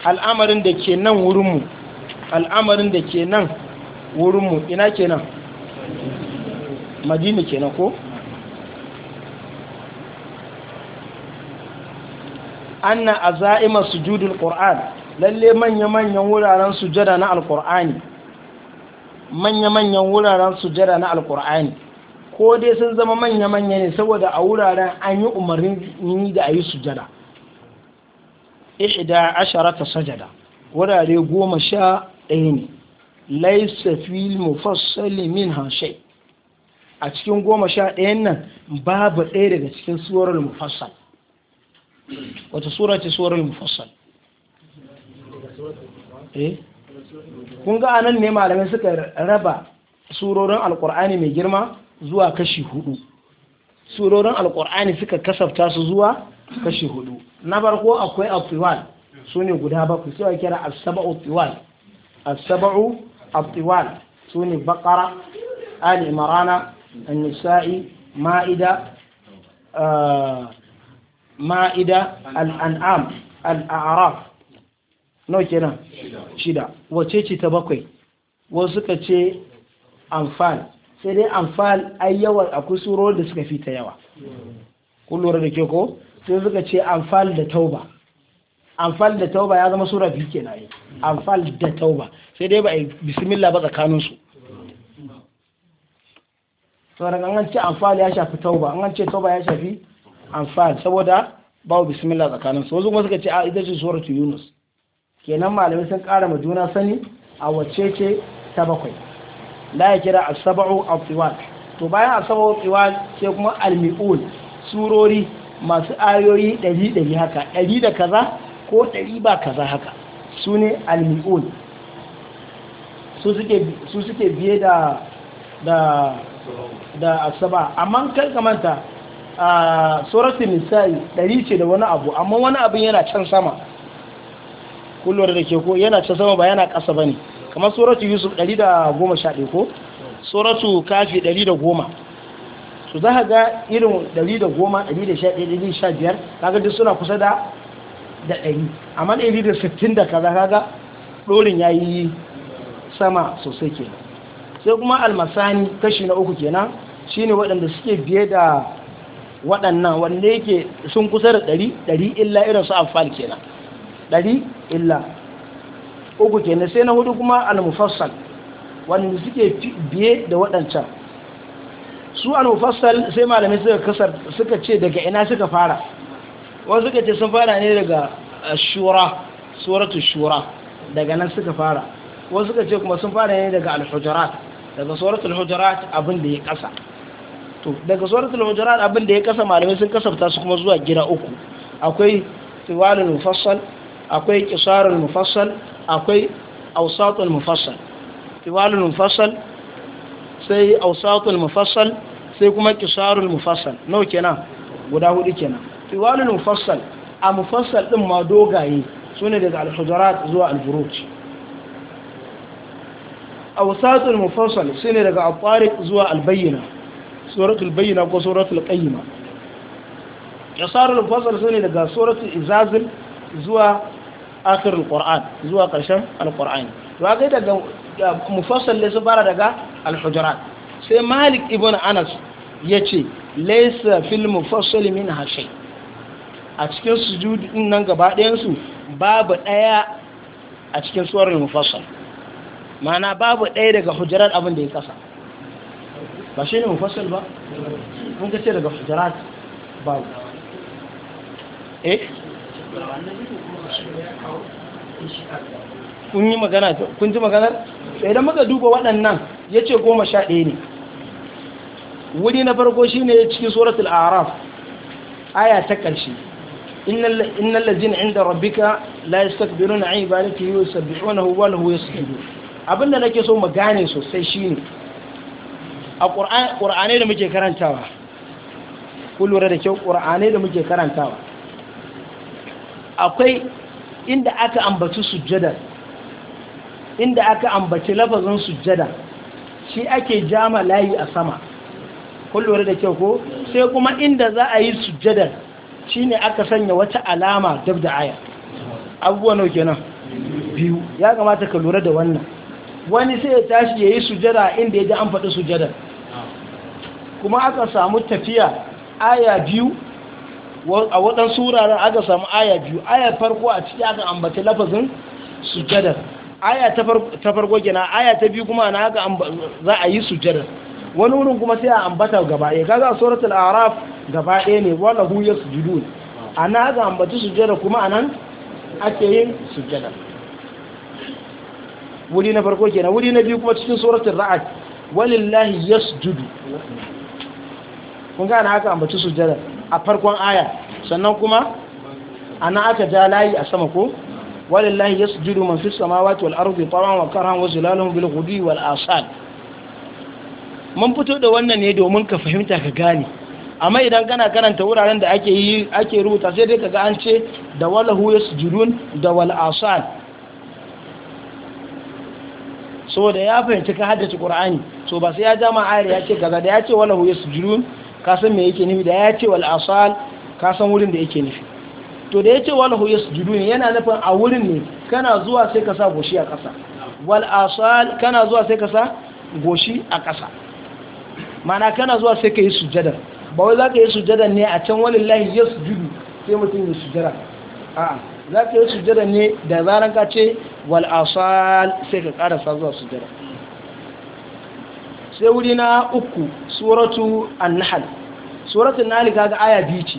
al'amarin da ke nan wurinmu al'amarin da ke nan wurinmu ina ke nan madina ke ko. An anna a za'ima sujudul ƙor'an lalle manya-manyan wuraren sujada na alƙor'ani manya-manyan wuraren sujada na ko dai sun zama manya-manya ne saboda a wuraren an yi yi da a yi sujada ihda asharata sajada wurare goma sha ɗaya ne laisa fil mufassali min hashai a cikin goma sha ɗayan nan babu ɗaya daga cikin suwarar mufassal wata sura ce suwarar mufassal eh? kun ga anan ne malamai suka raba surorin alkur'ani mai girma zuwa kashi hudu surorin alkur'ani suka kasafta su zuwa kashi hudu na farko akwai afiwal su ne guda bakwai sai kira asaba'u tiwal asaba'u afiwal su ne bakara ali marana annisa'i ma'ida uh, ma'ida al'an'am al'araf nau kenan shida wace ce ta bakwai wasu ka ce amfani sai dai amfal ai yawa akwai surori da suka fi ta yawa kun lura da ke ko sai suka ce amfal da tauba amfal da tauba ya zama sura biyu kenan yi amfal da tauba sai dai ba a yi bismillah ba tsakanin su sauran an ce amfal ya shafi tauba an ce tauba ya shafi amfal saboda wa bismillah tsakanin su wasu kuma suka ce a ita ce suratu yunus kenan malamai sun kara ma juna sani a wacece ta bakwai la ya kira asaba'u al-tiwal to bayan asaba'u al-tiwal sai kuma al-mi'ul surori masu ayoyi 100 haka 100 da kaza ko 100 ba kaza haka su ne al-mi'ul su suke biye da da da asaba amma kan ka manta a suratul misali 100 ce da wani abu amma wani abin yana can sama kullum da ke ko yana can sama ba yana ƙasa bane kamar suratu yusuf 111 ko suratu kafi 110 su za a ga irin 111 115 kaga duk suna kusa da 100 amma 160 da kaza kaga dorin yi sama sosai ke sai kuma almasani kashi na uku kenan shine waɗanda suke biye da waɗannan wanda yake sun kusa da 100 ɗari illa irin su amfani kenan 100 illa uku kenan sai na hudu kuma al-mufassal wanda suke biye da waɗancan su al-mufassal sai malamai suka kasar suka ce daga ina suka fara wani suka ce sun fara ne daga eh, shura suratu shura daga nan suka fara wani suka ce kuma sun fara ne daga al-hujurat daga suratul hujurat abin da ya kasa to daga suratul hujurat abin da ya kasa malamai sun kasafta su kuma zuwa gida uku akwai tiwalul mufassal akwai qisarul mufassal akwai ausatul mufassal tiwalul mufassal sai ausatul mufassal sai kuma kisarul mufassal nawa kenan guda hudu kenan tiwalul mufassal a mufassal din ma dogaye sune daga al-hujurat zuwa al buruj ausatul mufassal sune daga al-tariq zuwa al-bayyina suratul bayyina ko suratul qayyima kisarul mufassal sune daga suratul izazil zuwa akhirul qur'an zuwa karshen alqur'ani to ga daga mufassal laysa bara fara daga alhujurat sai malik ibn anas yace laysa fil mufassal min hashay a cikin din nan gaba ɗayan su babu ɗaya a cikin suwarar mufassal mana babu ɗaya daga hujurat abin da ya kasa ba shi ne mufassal ba mun ka ce daga hujurat babu eh kun yi magana kun ji maganar idan muka duba waɗannan ya ce goma sha ɗaya ne wuri na farko shi ne cikin suratul araf aya ta ƙarshe innal ladzina inda rabbika la yastakbiruna an ibadatihi yusabbihunahu wa lahu yasjudun abinda nake so mu gane sosai shine a ƙur'anai da muke karantawa ku da kyau ƙur'anai da muke karantawa akwai inda aka ambaci sujjada inda aka ambaci lafazin sujjada shi ake jama layi a sama kullum da kyau ko sai kuma inda za a yi shi shine aka sanya wata alama dab da aya abubuwa oke nan biyu ya kamata ka lura da wannan wani sai ya tashi ya yi sujjada inda ya ji an faɗi sujjada kuma aka samu tafiya aya biyu a waɗansu wuraren aka samu aya biyu aya farko a ciki aka ambaci lafazin sujadar aya ta farko gina aya ta biyu kuma na aka za a yi sujadar wani wurin kuma sai a ambata gaba gaza kaga suratul araf gaba ɗaya ne wala hu a na aka ambaci sujadar kuma nan ake yin sujadar wuri na farko kenan wuri na biyu kuma cikin suratul ra'd walillahi yasjudu kun ga na aka ambaci sujadar a farkon aya sannan kuma ana aka ja layi a sama ko walillahi yasjudu man fis samawati wal ardi tawan wa karhan wa zilalun bil ghudi wal asad mun fito da wannan ne domin ka fahimta ka gane amma idan kana karanta wuraren da ake yi ake rubuta sai dai kaga an ce da walahu yasjudun da wal asal saboda ya fahimci ka haddace qur'ani so ba sai ya jama ayar ya ce kaza da ya ce walahu yasjudun ka san me yake nufi da ya ce wal asal ka san wurin da yake nufi to da ya ce wal hu yasjudun yana nufin a wurin ne kana zuwa sai ka sa goshi a ƙasa wal asal kana zuwa sai ka sa goshi a ƙasa mana kana zuwa sai ka yi sujada ba wai za ka yi sujada ne a can walillahi yasjudu sai mutum ya sujada a'a za ka yi sujada ne da zaran ka ce wal asal sai ka ƙarasa zuwa sujada sai wuri na uku suratu an-nahl suratu an-nahl kaga aya biyu ce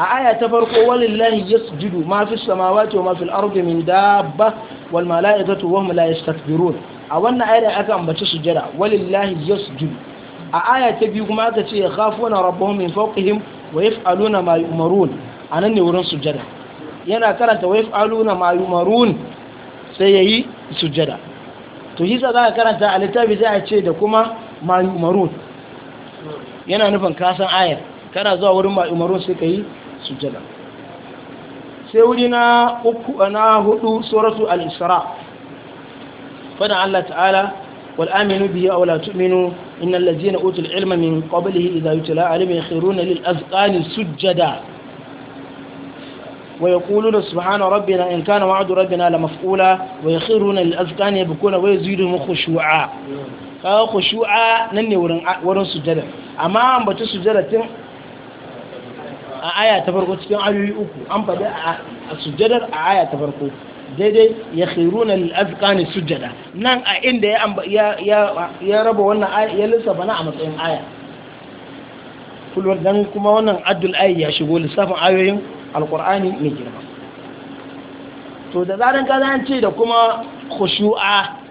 a aya ta farko walillahi yasjudu ma fi samawati wa ma fil ardi min dabba wal malaikatu wa hum la yastakbirun a wannan ayar aka ambaci sujada walillahi yasjudu a aya ta biyu kuma aka ce yakhafuna rabbahum min fawqihim wa yaf'aluna ma yu'marun anan ne wurin sujada yana karanta wa yaf'aluna ma yu'marun sai yayi sujada to hisa za ka karanta a littafi sai a ce da kuma ma yu'marun yana nufin kasan ayar kana zuwa wurin ma yu'marun sai kai sujjada sai wuri na uku na hudu suratu al-isra fadan Allah ta'ala wal aminu bihi aw la tu'minu innal ladzina utul ilma min qablihi idha yutla alayhim yakhruna lil azqani sujjada ويقولون سبحان ربنا إن كان وعد ربنا لمفعولا ويخرون للأذقان يبكون ويزيدهم خشوعا kawo kushu'a nan ne wurin sujada amma an bata sujada tun a aya ta farko cikin ayoyi uku an faɗi a sujadar a aya ta farko daidai ya khiruna ne sujada nan a inda ya raba wannan aya ya lissafa na a matsayin aya kulwar kuma wannan addul ayi ya shigo lissafin ayoyin alkur'ani mai girma to da zaran ka ce da kuma khushu'a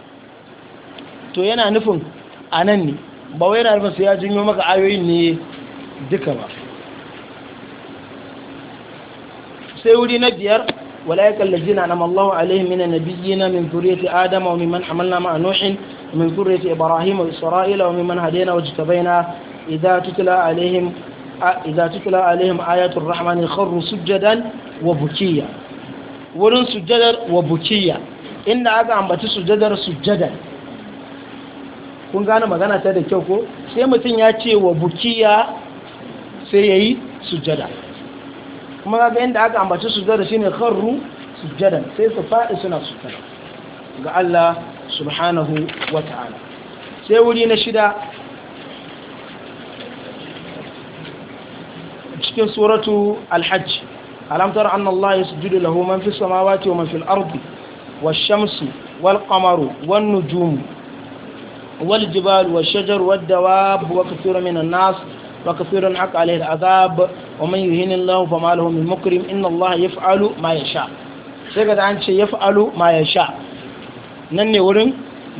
to yana nufin a nan ne ba wai rarrafa sai ya jinyo maka ayoyin ne duka ba sai wuri na biyar walayakan lajina na mallawa alaihi mina na biyi na min zuriyati adama wa miman amalna ma a nuhin min zuriyati ibrahim wa isra'ila wa miman hadena wa jita baina idza tutla alaihim ayatul rahmani kharru sujjadan wa bukiya wurin sujjadar wa bukiya inda aka ambaci sujjadar sujjadar kun gane magana ta da kyau ko sai mutum ya ce wa bukiya sai ya yi sujada. kuma ga yadda aka ambaci shi shine kharru sujada sai su faɗi suna sujada ga Allah subhanahu wa ta'ala sai wuri na shida cikin suratu alhajj alamtar anna Allah yasjudu lahu man fi samawati wa man fil ardi shamsu wal qamaru wan nujumu والجبال والشجر والدواب وكثير من الناس وكثير حق عليه العذاب ومن يهين الله فما له من مكرم إن الله يفعل ما يشاء sai an ce ya fa'alu ma ya sha nan ne wurin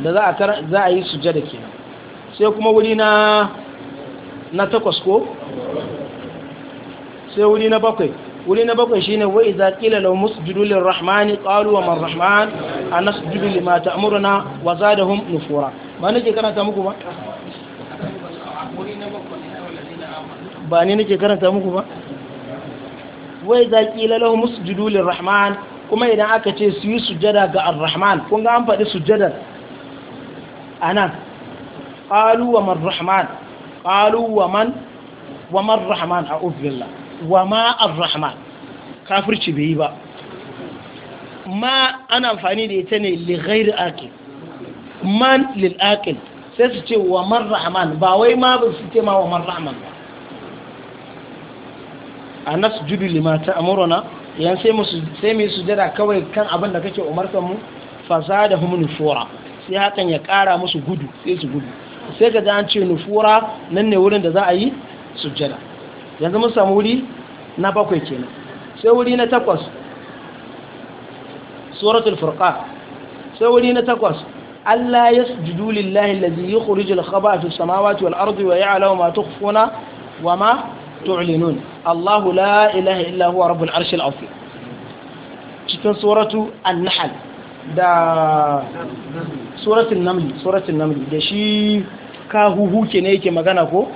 da za a yi sujada ke sai kuma wuri na takwas ko sai wuri na bakwai wuri na bakwai ne wai za ƙila lau musu lirrahmani qalu ƙaruwa man rahman anasjudu lima amurna wa hun nufura ba nake karanta muku ba ba ne nake karanta muku ba wa ƙila lau musu musjudu rahman kuma idan aka ce su yi sujada ga ar-rahman kun ga an faɗi sujadar a qalu ƙaruwa man rahman qalu wa man wa man rahman a'udhu billah wa ma rahman kafirci bai yi ba ma ana amfani da ita ne lighairu ghairi man lil sai su ce wa man ba wai ma ba su ce ma wa man rahman ba nasu judu limata a murana yan sai mai su jada kawai kan abin da kake umartar mu fasa da hum nufura sai hakan ya kara musu gudu sai su gudu sai ga an ce nufura nan ne wurin da za a yi sujada yanzu mun samu wuri na bakwai kenan sai wuri na takwas suratul furqa sai wuri na takwas Allah yasjudu lillahi allazi al khabata fis samawati wal ardi wa ya'lamu ma tukhfuna wa ma tu'linun allah la ilaha illa huwa rabbul arshil azim cikin suratu an-nahl da suratul naml suratul naml da shi kahuhu ke yake magana ko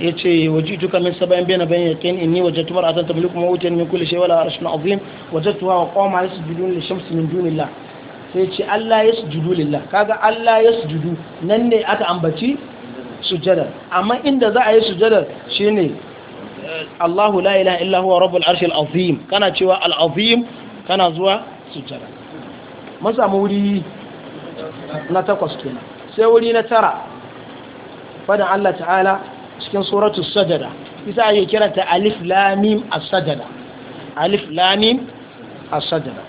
yace wajituka min sabayin bayna bayin yaqin inni wajadtu mar'atan tamliku ma utiya min kulli shay wala arshun azim tuwa wa qawma yasjudun lishamsi min dunillah sai ce Allah yasjudu lillah kaga Allah yasjudu nan ne aka ambaci sujada amma inda za a yi sujada shine Allahu la ilaha illa huwa rabbul arshil azim kana cewa al azim kana zuwa sujada mun samu wuri na takwas kenan sai wuri na tara fadan Allah ta'ala cikin suratul sajada isa ake kiranta alif lamim as-sajada alif lamim as-sajada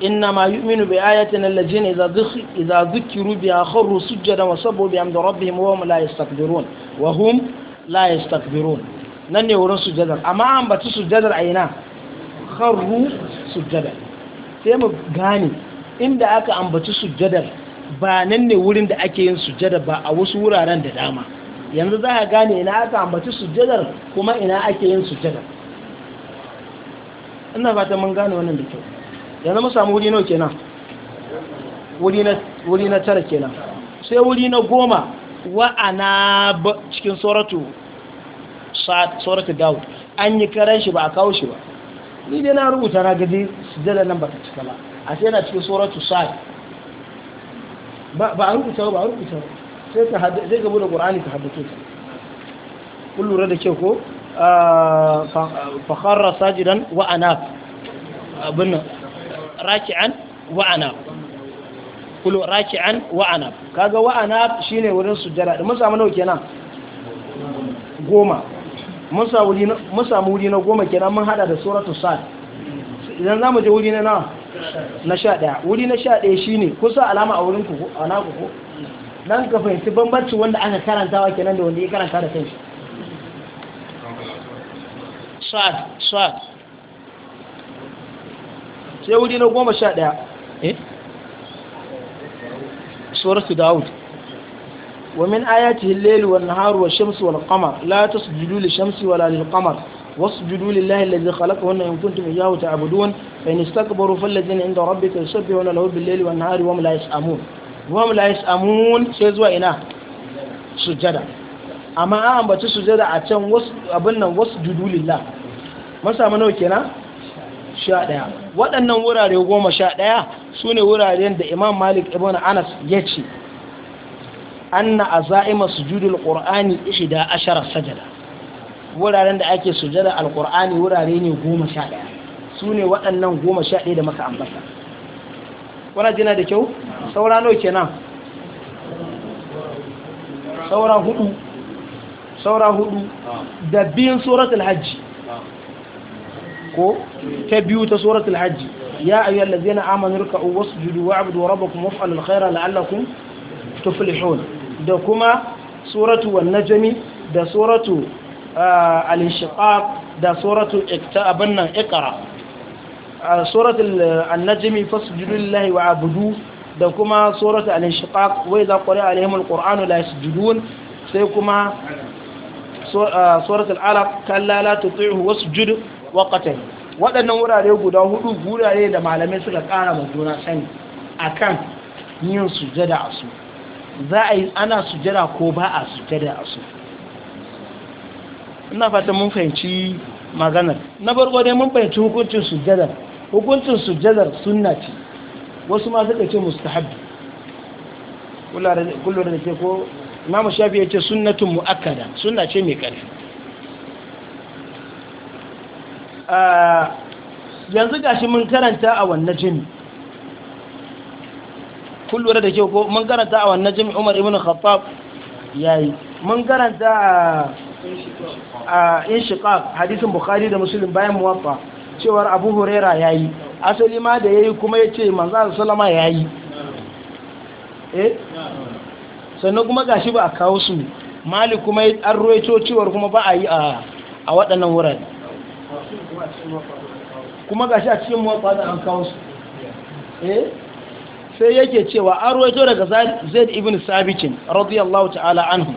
inna ma yu'minu bi ayatin allazina idha dhukira idha dhukiru bi akharu sujjada wa sabbu bi amdi rabbihim wa hum la yastakbirun wa hum la yastakbirun nan ne wurin sujada. amma an batu sujjada aina kharu sujada. sai mu gane inda aka ambaci sujada ba nan ne wurin da ake yin sujada ba a wasu wuraren da dama yanzu za a gane ina aka ambaci sujjadar kuma ina ake yin sujjadar ina fata mun gane wannan da kyau yanzu mun samu wuri nawa kenan wuri na tara kenan sai wuri na goma wa'ana cikin tsoratu tsoratu dawo an yi karan shi ba a kawo shi ba ni dai na rubuta na gaji sujjadar nan ba ta cika ba a sai yana cikin tsoratu Sa. ba a rubuta ba a rubuta ba sai ka sai ka bude qur'ani ka haddace ta kun lura da ke ko ah, fa kharra sajidan wa abin raki'an wa anaf kullu raki'an wa anaf kaga wa shine wurin sujjada mun samu nawa kenan goma mun samu wuri na goma kenan mun hada da suratul sad idan za je wuri na na sha daya wuri na sha daya shine kusa alama a wurin ku ana ku? ko dan ka fahimci bambanci wanda aka karanta wa kenan da wanda ya karanta da kanshi sa'ad sa'ad sai wuri na goma sha ɗaya eh suratu daud ومن آياته الليل والنهار والشمس والقمر لا تسجدوا للشمس ولا للقمر واسجدوا لله الذي خلقهن إن كنتم إياه تعبدون فإن استكبروا فالذين عند ربك يسبحون له بالليل والنهار وهم لا يسأمون wam la yas'amun sai zuwa ina sujada amma an ambaci sujada a can wasu abin nan wasu judulillah mun samu nawa kenan sha ɗaya waɗannan wurare goma sha ɗaya su ne wuraren da imam malik ibn anas ya ce An na a za'ima sujudul qur'ani da ashara sajada wuraren da ake sujada alqur'ani wurare ne goma sha ɗaya su ne waɗannan goma sha ɗaya da maka ambata kuna jina da kyau saura ke nan saura hudu saura hudu da biyun suratul hajji ko ta biyu ta suratul hajji ya ayyuhal ladzina amanu ruk'u wasjudu wa'budu rabbakum waf'alul khaira la'allakum tuflihun da kuma suratu wan-najmi da suratu ah, al-inshiqaq da suratu abin nan iqra a suratul annajmi fasjudu lillahi wa abudu da kuma suratul al-inshiqaq wa idza qari'a alaihim al-qur'anu la yasjudun sai kuma suratul alaq kalla la tuti'hu wasjud waqatan waɗannan wurare guda hudu gurare da malamai suka ƙara ma juna sani akan yin sujada a su za a yi ana sujada ko ba a sujada asu. ina fata mun fahimci maganar na farko dai mun fahimci hukuncin sujada hukuncin sujjadar sunna ce wasu ma suka ce mustahabbi kullum da ke ko imamu shafi ya ce sunnatun mu'akkada sunna ce mai ƙarfi yanzu gashi mun karanta a wannan jini, kullum da ke ko mun karanta a wannan jini umar ibn khattab yayi mun karanta a inshiqaq hadisun bukari da musulun bayan muwaffa cewar abu huraira ya yi asali ma da ya yi kuma ya ce manzan salama ya yi eh sannan kuma shi ba a kawo su mali kuma an roito cewar kuma ba a yi a waɗannan wurare kuma ga shi a cikin mawafa da an kawo su eh? sai yake cewa an roito daga zaid ibn Sabicin, radiyallahu ta'ala anhu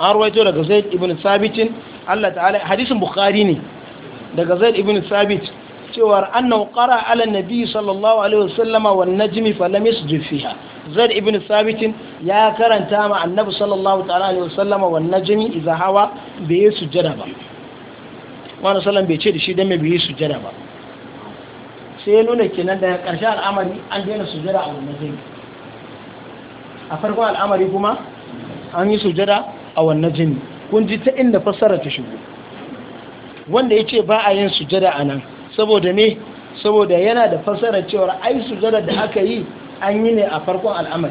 an roito daga zaid ibn Sabicin, Allah ta'ala hadisin bukhari ne daga zai ibn sabit cewar annahu ƙara ala nabi sallallahu alaihi wasallama wa najmi falam yasjud jufiya zai ibn sabitin ya karanta ma annabi sallallahu alaihi wasallama wan najmi iza hawa bai yi sujjada ba wani sallan bai ce da shi mai bai yi sujjada ba sai nuna kenan da karshe al'amari an daina sujjada a wannan jini a farkon al'amari kuma an yi sujjada a wannan jini kun ji ta inda fassara ta shigo wanda ya ce ba a yin sujada a nan saboda ne saboda yana da fasarar cewar ai sujada da aka yi an yi ne a farkon al'amar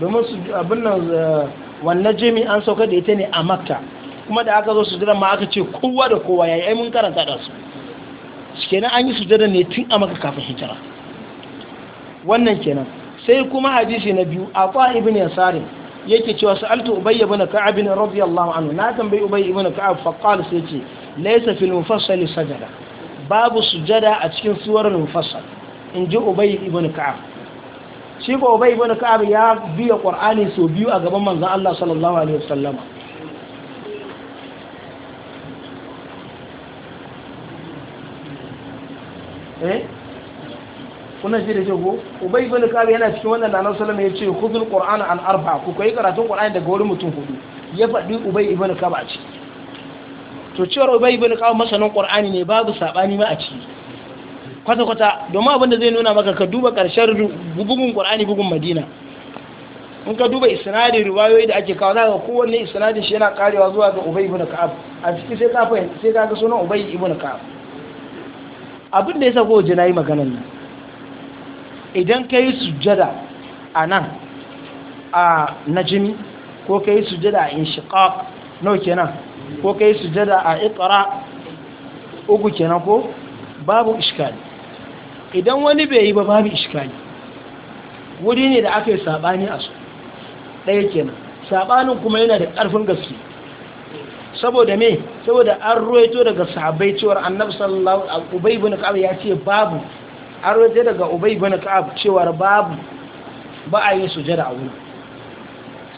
domin abin nan eh, wannan jami an sauka da ita ne a makka kuma da aka zo sujada ma aka ce kowa da kowa ya yi mun karanta da su kenan an yi sujada ne tun a makka kafin hijira wannan kenan sai kuma hadisi na biyu a kwa ibn yasarin yake cewa sa'altu ubayy ibn ka'ab radiyallahu anhu na tambayi ubayy ibn ka'ab fa qala sai ce laisa fil mufassal sajada babu sujada a cikin suwar mufassal in ji ubay ibn ka'ab shi ko ubay ibn ka'ab ya biya qur'ani so biyu a gaban manzon Allah sallallahu alaihi wasallama eh kuna shi da ce ko ubay ibn ka'ab yana cikin wannan da Annabi sallallahu alaihi wasallam ya ce khudhul qur'ana an arba ku kai karatun qur'ani daga wurin mutum hudu ya faɗi ubay ibn ka'ab a cikin to cewar bin kawo masanin qur'ani ne babu saɓani ma a ciki kwata kwata domin abin da zai nuna maka ka duba ƙarshen bugun qur'ani bugun madina in ka duba isnadin ruwayoyi da ake kawo za ga kowanne isnadin shi yana karewa zuwa ga ubai ibn ka'ab a ciki sai ka fahimta sai ka ga sunan ubai ibn ka'ab abin da ya ko jina nayi maganar nan idan ka yi sujjada a nan a najimi ko ka yi sujjada a inshiqaq nau kenan ko kai sujada a ikara uku kenan ko babu iskali idan wani bai yi ba babu iskali wuri ne da aka yi saɓani a su ɗaya kenan saɓanin kuma yana da ƙarfin gaske saboda me saboda an ruwaito daga sahabbai cewar annabi sallallahu alaihi ubay bin ka'ab ya ce babu an ruwaito daga ubay bin ka'ab cewar babu ba a yi sujada a wuri,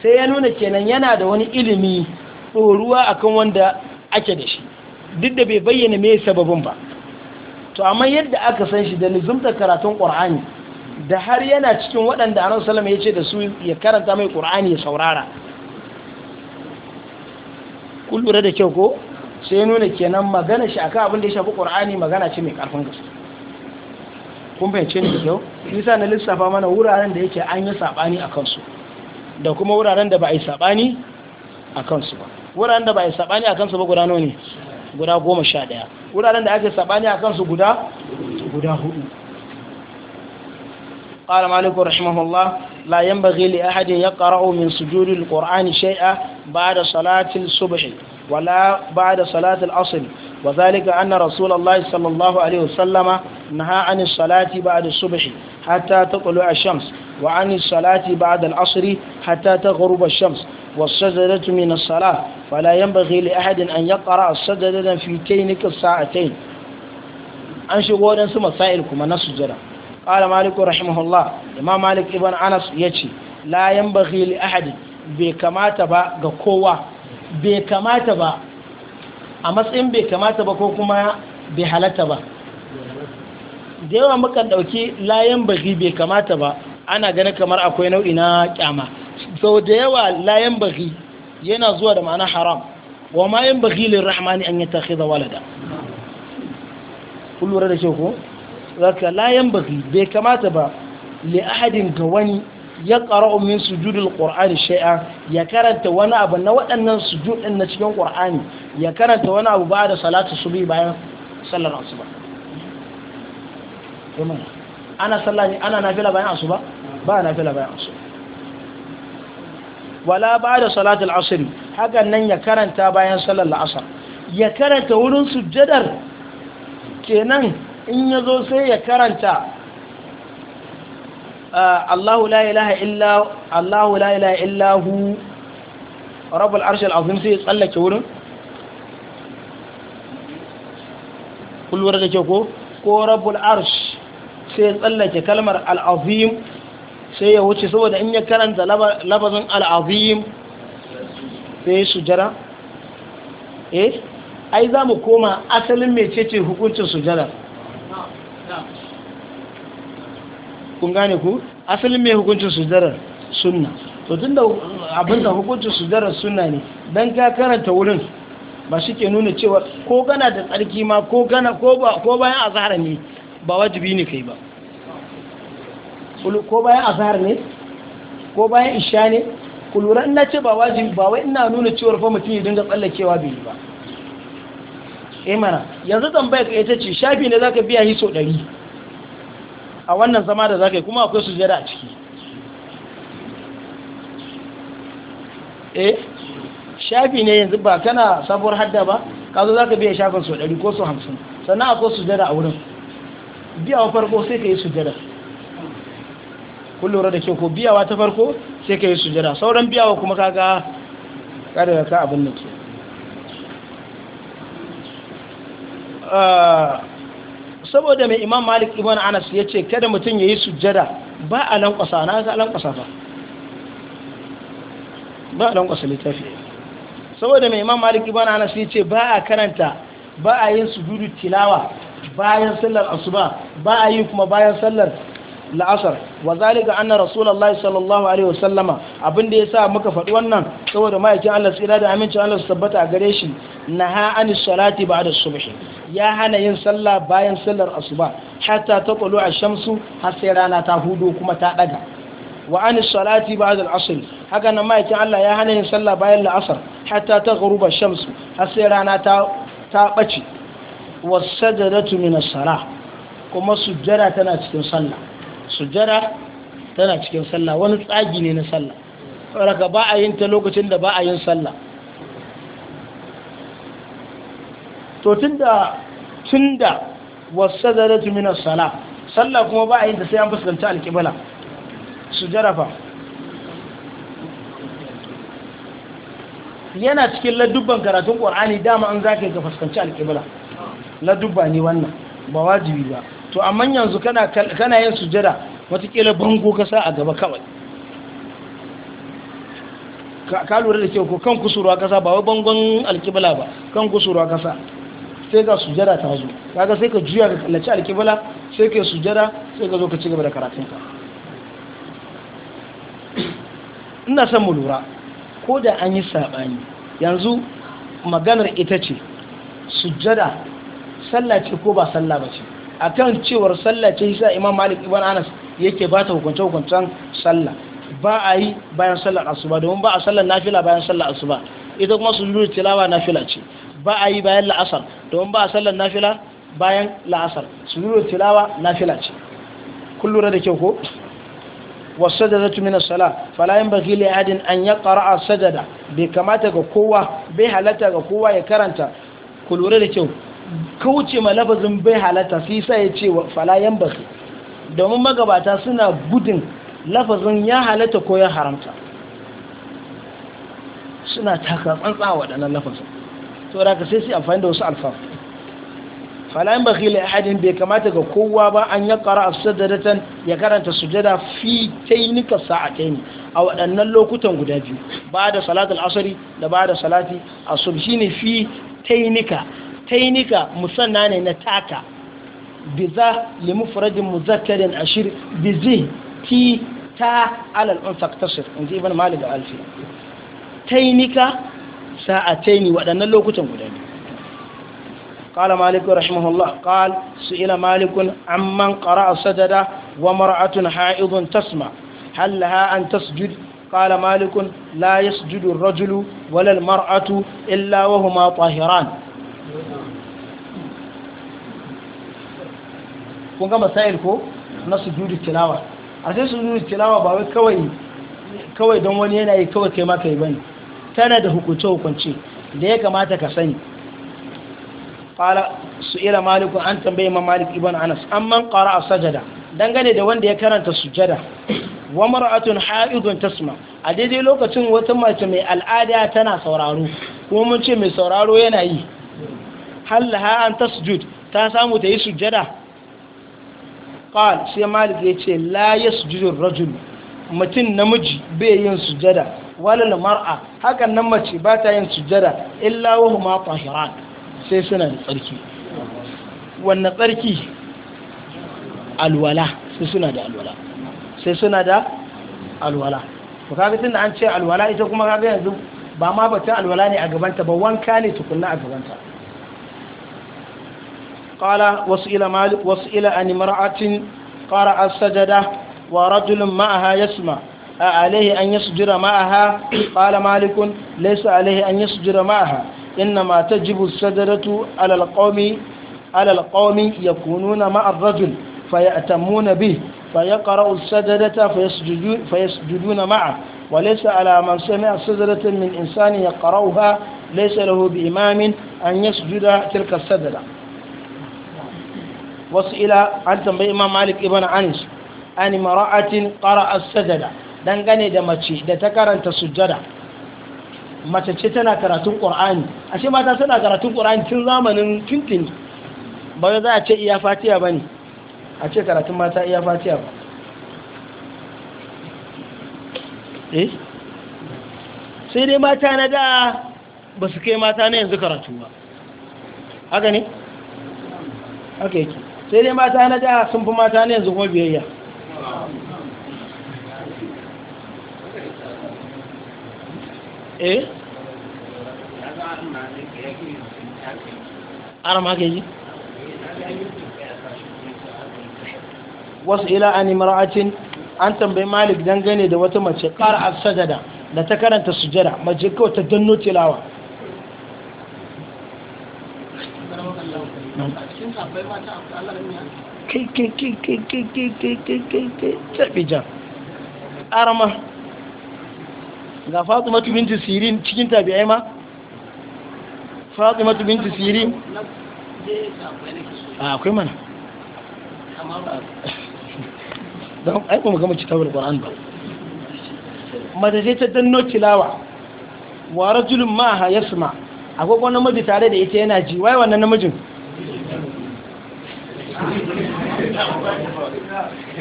sai ya nuna kenan yana da wani ilimi tsoruwa akan wanda ake da shi duk da bai bayyana mai sababin ba to amma yadda aka san shi da nizumta karatun ƙur'ani, da har yana cikin waɗanda annabi ya ce da su ya karanta mai ƙur'ani ya saurara kun da kyau ko sai nuna kenan magana shi akan abin da ya shafi ƙur'ani magana ce mai ƙarfin gaske kun fahimce ni da kyau yasa na lissafa mana wuraren da yake an yi saɓani a kansu da kuma wuraren da ba a yi saɓani. a kansu ba wuraren da ba a ni a kansu ba guda ne guda goma sha ɗaya wuraren da ake saɓani a kansu guda guda hudu ƙalar malikun rahimahullah layan bagheli a ya ƙara'o min sujudin ƙor'ani shai'a ba da salatin subahi wala ba da salatin asir wa zalika anna rasuwar sallallahu alaihi wasallama na ha'ani salati ba da subahi hata ta ƙulu shams wa ani salati ba da al'asiri hata ta ƙarubar shams والسجدة من الصلاة فلا ينبغي لأحد أن يقرأ السجدة في كينك الساعتين an shigo wadansu masail kuma na sujjada ƙala maliku rahimahullah imam malik ibn anas ya layan baghi li ahadin bai kamata ba ga kowa bai kamata ba a matsayin bai kamata ba ko kuma bai halatta ba da yawa mukan ɗauki layan baghi bai kamata ba ana ganin kamar akwai nau'i na kyama sau da yawa layan baki yana zuwa da ma'ana haram wa ma yin baki lin rahmani an yi takhidha walada kun lura da shi ko zaka layan baki bai kamata ba li ahadin ga wani ya qara'u min sujudul qur'ani shay'a ya karanta wani abu na waɗannan sujud na cikin qur'ani ya karanta wani abu ba da salatu subhi bayan sallar asuba ana sallah ana nafila bayan asuba ba nafila bayan asuba wala ba da salatul asr hakan nan ya karanta bayan salar la'asar ya karanta wurin sujjadar kenan in ya zo sai ya karanta ah, Allahu la ilaha illa Allahu la ilaha illa hu rabbul arshil azim sai ya tsallake wurin kullu da ke ko ko rabbul arsh sai ya tsallake kalmar al-azim sai ya wuce saboda in ya karanta labazin al'azim sai sujada eh ai za mu koma asalin mecece hukuncin sujada kun gane ku asalin mai hukuncin sujadar sunna to da abinda hukuncin sujadar sunna ne don ka karanta wurin ba shi ke nuna cewa ko gana da tsarki ma ko gana ko bayan azhar ne ba wajibi ne kai ba ko bayan azhar ne ko bayan isha ne ku lura ina ce ba wajibi ba wai ina nuna cewar fa mutum ya dinga tsallakewa bai yi ba eh mana yanzu tambaya ka ita ce shafi ne zaka biya hiso 100 a wannan zama da zaka yi kuma akwai sujada a ciki eh shafi ne yanzu ba kana sabuwar hadda ba ka zo zaka biya shafin so 100 ko so 50 sannan akwai sujada a wurin biya wa farko sai ka yi sujada kullum da ke ko biyawa ta farko sai ka yi sujada sauran biyawa kuma kaga kada da ka abin da ke ah, saboda mai imam malik ibn anas ya ce kada mutum ya yi sujada ba a lankwasa na ga lankwasa ba ba a lankwasa littafi saboda mai imam malik ibn anas ya ce ba a karanta ba a yin sujudu tilawa bayan sallar asuba ba a yi kuma bayan sallar la'asar wa zalika anna rasulullahi sallallahu alaihi wasallama abinda yasa muka faɗi wannan saboda ma'aikin Allah tsira da amincin Allah su tabbata a gare shi naha an salati ba'da subh ya hana yin sallah bayan sallar asuba hatta taqulu ash-shamsu har sai rana ta hudo kuma ta daga wa an salati ba'da al-asr haka nan ma'aikin Allah ya hana yin sallah bayan la'asar hatta taghruba ash-shamsu har sai rana ta ta bace was sajdatu min as-salah kuma sujjada tana cikin sallah sujjada tana cikin sallah wani tsagi ne na sallah raka ba a yin ta lokacin da ba a yin sallah to tunda tunda wasadalatu min as-salah sallah kuma ba a yin ta sai an fuskanci alqibla sujjara fa yana cikin ladubban karatun qur'ani dama an zaka ga fuskanci alqibla ladubba ne wannan ba wajibi ba to amma yanzu kana yin sujada watakila bango ka sa a gaba kawai ka lura da kyau ko kan kusurwa kasa ba wa bangon alkibala ba kan kusurwa kasa sai ga sujada ta zo kaga sai ka juya ka kallaci alkibala sai ka yi sujada sai ka zo ka ci gaba da karatunka ina son mu lura ko da an yi saɓani yanzu maganar ita ce sujada sallah ce ko ba sallah ba ce akan cewar sallah ce isa imam malik ibn anas yake ba ta hukunce hukuncen sallah ba a yi bayan sallar asuba domin ba a sallar nafila bayan sallar asuba ita kuma zuru tilawa nafila ce ba a yi bayan la'asar domin ba a sallar nafila bayan la'asar zuru tilawa nafila ce kun lura da kyau ko sala والسجدة من الصلاة فلا ينبغي لأحد أن bai halatta بكما kowa ya karanta تقوى lura da kyau. kauce ma lafazin bai halatta sai sa ya ce falayen basu domin magabata suna gudun lafazin ya halatta ko ya haramta suna taka tsantsa waɗannan lafazin to da ka sai su amfani da wasu alfaf falayen basu la hadin bai kamata ga kowa ba an ya ƙara a afsadadatan ya karanta su jada fi tainika sa'ataini a waɗannan lokutan guda biyu ba da salatul asari da ba da salati asub ne fi tainika tainika musanna ne na taka biza li mufradin muzakkarin ashir bizi ti ta alal unsa inji ibn malik alfi tainika taini waɗannan lokutan guda biyu قال مالك رحمه الله قال سئل مالك عمن قرأ سجدة ومرأة حائض تسمع هل لها أن تسجد قال مالك لا يسجد الرجل ولا المرأة إلا وهما طاهران kun ga masail ko na sujudu tilawa a sai sujudu tilawa ba wai kawai kawai don wani yana yi kawai kai ma kai bane tana da hukunce hukunce da ya kamata ka sani su su'ila malik an tambaye ma malik ibn anas amman qara sajada dangane da wanda ya karanta sujada wa mar'atun ha'idun tasma a daidai lokacin wata mace mai al'ada tana sauraro kuma mun ce mai sauraro yana yi hal ha an tasjud ta samu ta yi sujada qal sai malik ya ce la yasjudu rajul mutum namiji bai yin sujada wala mar'a hakan nan mace ba ta yin sujada illa wa huma sai suna da tsarki wannan tsarki alwala sai suna da alwala sai suna da alwala to kaga tunda an ce alwala ita kuma kaga yanzu ba ma batun alwala ne a gabanta ba wanka ne tukunna a gabanta قال وسئل مالك وسئل عن امرأة قرأ السجدة ورجل معها يسمع عليه أن يسجد معها قال مالك ليس عليه أن يسجد معها إنما تجب السجدة على القوم على القوم يكونون مع الرجل فيأتمون به فيقرأ السجدة فيسجدون, فيسجدون معه وليس على من سمع سجدة من إنسان يقرأها ليس له بإمام أن يسجد تلك السجدة wasu ila an tambayi imam malik ibn anis an mara'atin as sajada dangane da mace da ta karanta sujjada mace ce tana karatun qur'ani ashe mata suna karatun qur'ani tun zamanin tuntuni ba za a ce iya fatiya bane a ce karatun mata iya fatiya ba eh sai dai mata na da ba su kai mata na yanzu karatu ba haka ne haka yake sai dai mata na da sun fi mata ne yanzu kuma biyayya eh arama ke wasu ila an imra'atin an tambayi malik dangane da wata mace a sajada da ta karanta sujada mace kawai ta danno tilawa kai kai kai kai kai kai kai kai kai kai kai kai kai ga fatimatu binti sirin cikin tabi'ai ma fatimatu binti sirin ah, akwai mana don aiko ba danno wa rajulun ma ha akwai tare da ita yana ji wai wannan namijin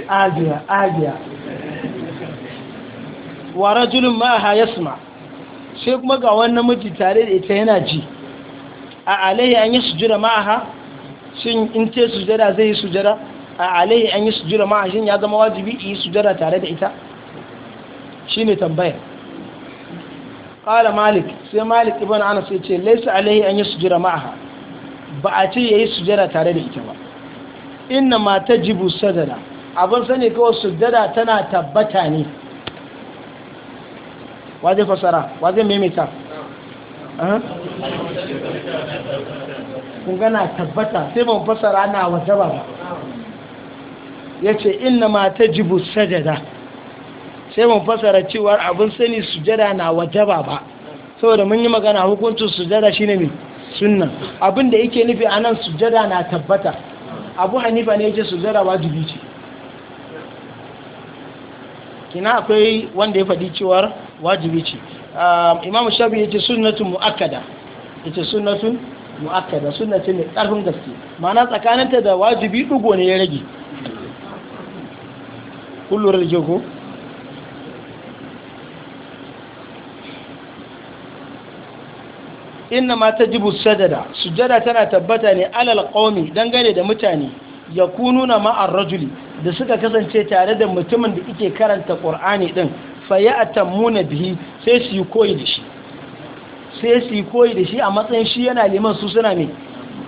ajiya ajiya wa rajulun ma'aha suma? sai kuma ga wannan miji tare da ita yana ji a alaihi an yi sujjada ma'aha shin in ce sujjada zai yi sujjada a alaihi an yi sujjada ma'aha shin ya zama wajibi yi sujjada tare da ita Shi ne tambaya. ƙala malik sai malik ibn anas ya ce laisa alaihi an yi sujjada ma'aha ba a ce ya yi sujjada tare da ita ba inna ma jibu sadara abin sani kawai sujjada tana tabbata ne waje fasara waje maimaita kun gana tabbata sai ban fasara na wajaba ba ya ce inna ma jibu sadara sai ban fasara cewar abin sani sujjada na wajaba ba saboda mun yi magana hukuncin sujjada shine mai sunan, abin da yake nufi anan sujjada na tabbata abu hanifa ne yake zara wajibi ce kina akwai wanda ya faɗi cewar wajibi ce imamu shafi yake sunnatun mu'akkada yake sunnatun mu'akkada sunnatun ne ƙarfin gaske mana tsakaninta da wajibi ɗugo ne ya rage kullum rage ko inna ma ta jibu sajada sujada tana tabbata ne alal qaumi dangane da mutane ya yakununa ma'ar rajuli da suka kasance tare da mutumin da yake karanta qur'ani din atammuna bihi sai su koyi da shi sai su koyi da shi a matsayin shi yana liman su suna ne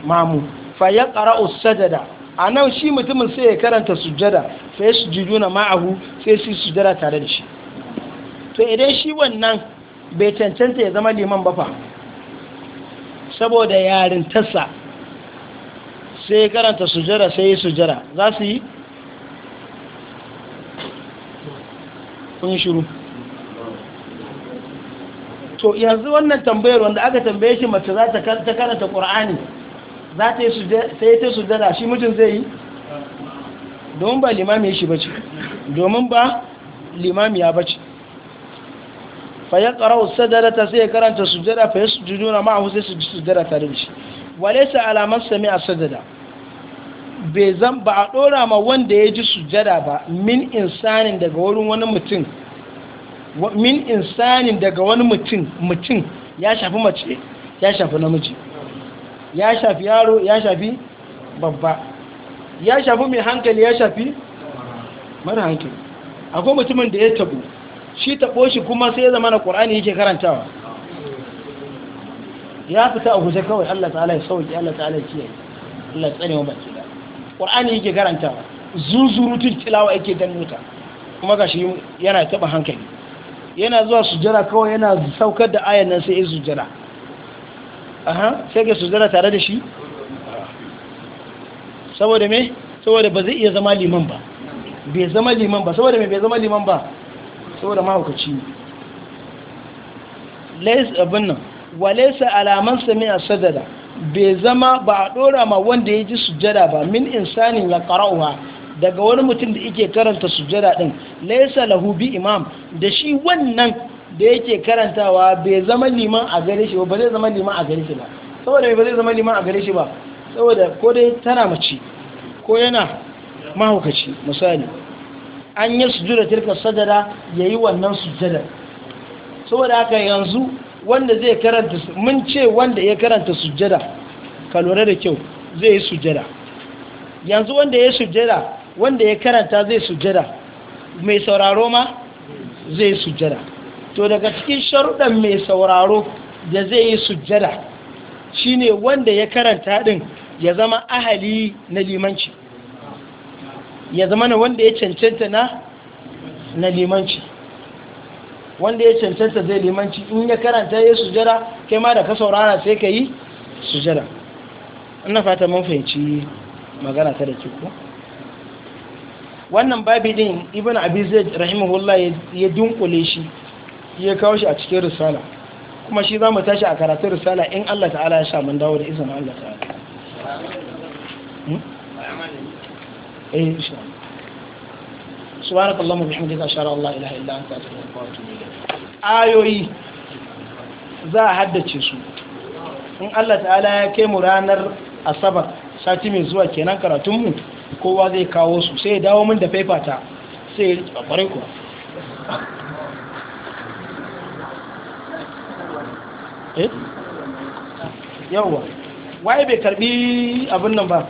mamu fayaqra'u sajada anan shi mutumin sai ya karanta sujada sai su jujuna ma'ahu sai su sujada tare da shi to idan shi wannan bai cancanta ya zama liman ba fa saboda tassa, sai karanta sujara sai yi sujara za su yi kun shiru to yanzu wannan tambayar wanda aka tambaye shi mace za ta karanta ƙur'ani za ta yi sai ta sujara shi mutum zai yi domin ba limami shi bace domin ba limami ya bace fa ya qara'u sajadata sai karanta sujada fa yasjuduna ma'ahu sai su sujada tare da shi walaysa ala man sami'a sajada bai zan ba a dora ma wanda ya ji sujada ba min insanin daga wurin wani mutum min insanin daga wani mutum mutum ya shafi mace ya shafi namiji ya shafi yaro ya shafi babba ya shafi mai hankali ya shafi mara hankali akwai mutumin da ya tabu shi taɓo shi kuma sai ya zama na ƙorani yake karantawa ya fita a guje kawai Allah ta'ala ya sauki Allah ta'ala ya kiyaye Allah tsare wa baki da ƙorani yake karantawa zuzurutun tilawa yake dan mota kuma ga shi yana taɓa hankali yana zuwa sujjara kawai yana saukar da ayan nan sai ya sujjara aha sai ga sujjara tare da shi saboda me saboda ba zai iya zama liman ba bai zama liman ba saboda me bai zama liman ba saboda mahaukaci ne abin nan walaisa alaman sami a sadada bai zama ba a ɗora ma wanda ya ji sujada ba min insanin ya karauwa daga wani mutum da yake karanta sujada din. laisa lahu bi imam da shi wannan da yake karantawa bai zama liman a gare shi ba zai zama liman a gare shi ba saboda ba zai zama liman a gare shi ba saboda ko dai tana mace ko yana mahaukaci misali an yi sujuda tilka sajada ya yi wannan sujadar saboda haka yanzu wanda zai karanta mun ce wanda ya karanta sujada ka lura da kyau zai yi sujada yanzu wanda ya sujada wanda ya karanta zai sujada mai sauraro ma zai sujada to daga cikin sharuɗan mai sauraro da zai yi sujada shine wanda ya karanta din ya zama ahali na limanci ya zama na wanda ya cancanta na na limanci wanda ya cancanta zai limanci in ya karanta ya sujara kai ma da ka saurara sai ka yi In ina fata man fahimci magana ta da ke wannan babi din ibn abi rahimahullah ya dunkule shi ya kawo shi a cikin risala kuma shi za mu tashi a karatun risala in Allah ta'ala ya sha mun dawo da izinin Allah ta'ala hmm? eh insha Allah subhanakallahumma bihamdika ashhadu an la ilaha illa anta astaghfiruka wa atubu ilayk ayoyi za a haddace su in Allah ta'ala ya kai mu ranar asabar sati mai zuwa kenan karatun mu kowa zai kawo su sai ya dawo min da faifata sai ya babbare ku eh yawa waye bai karbi abin nan ba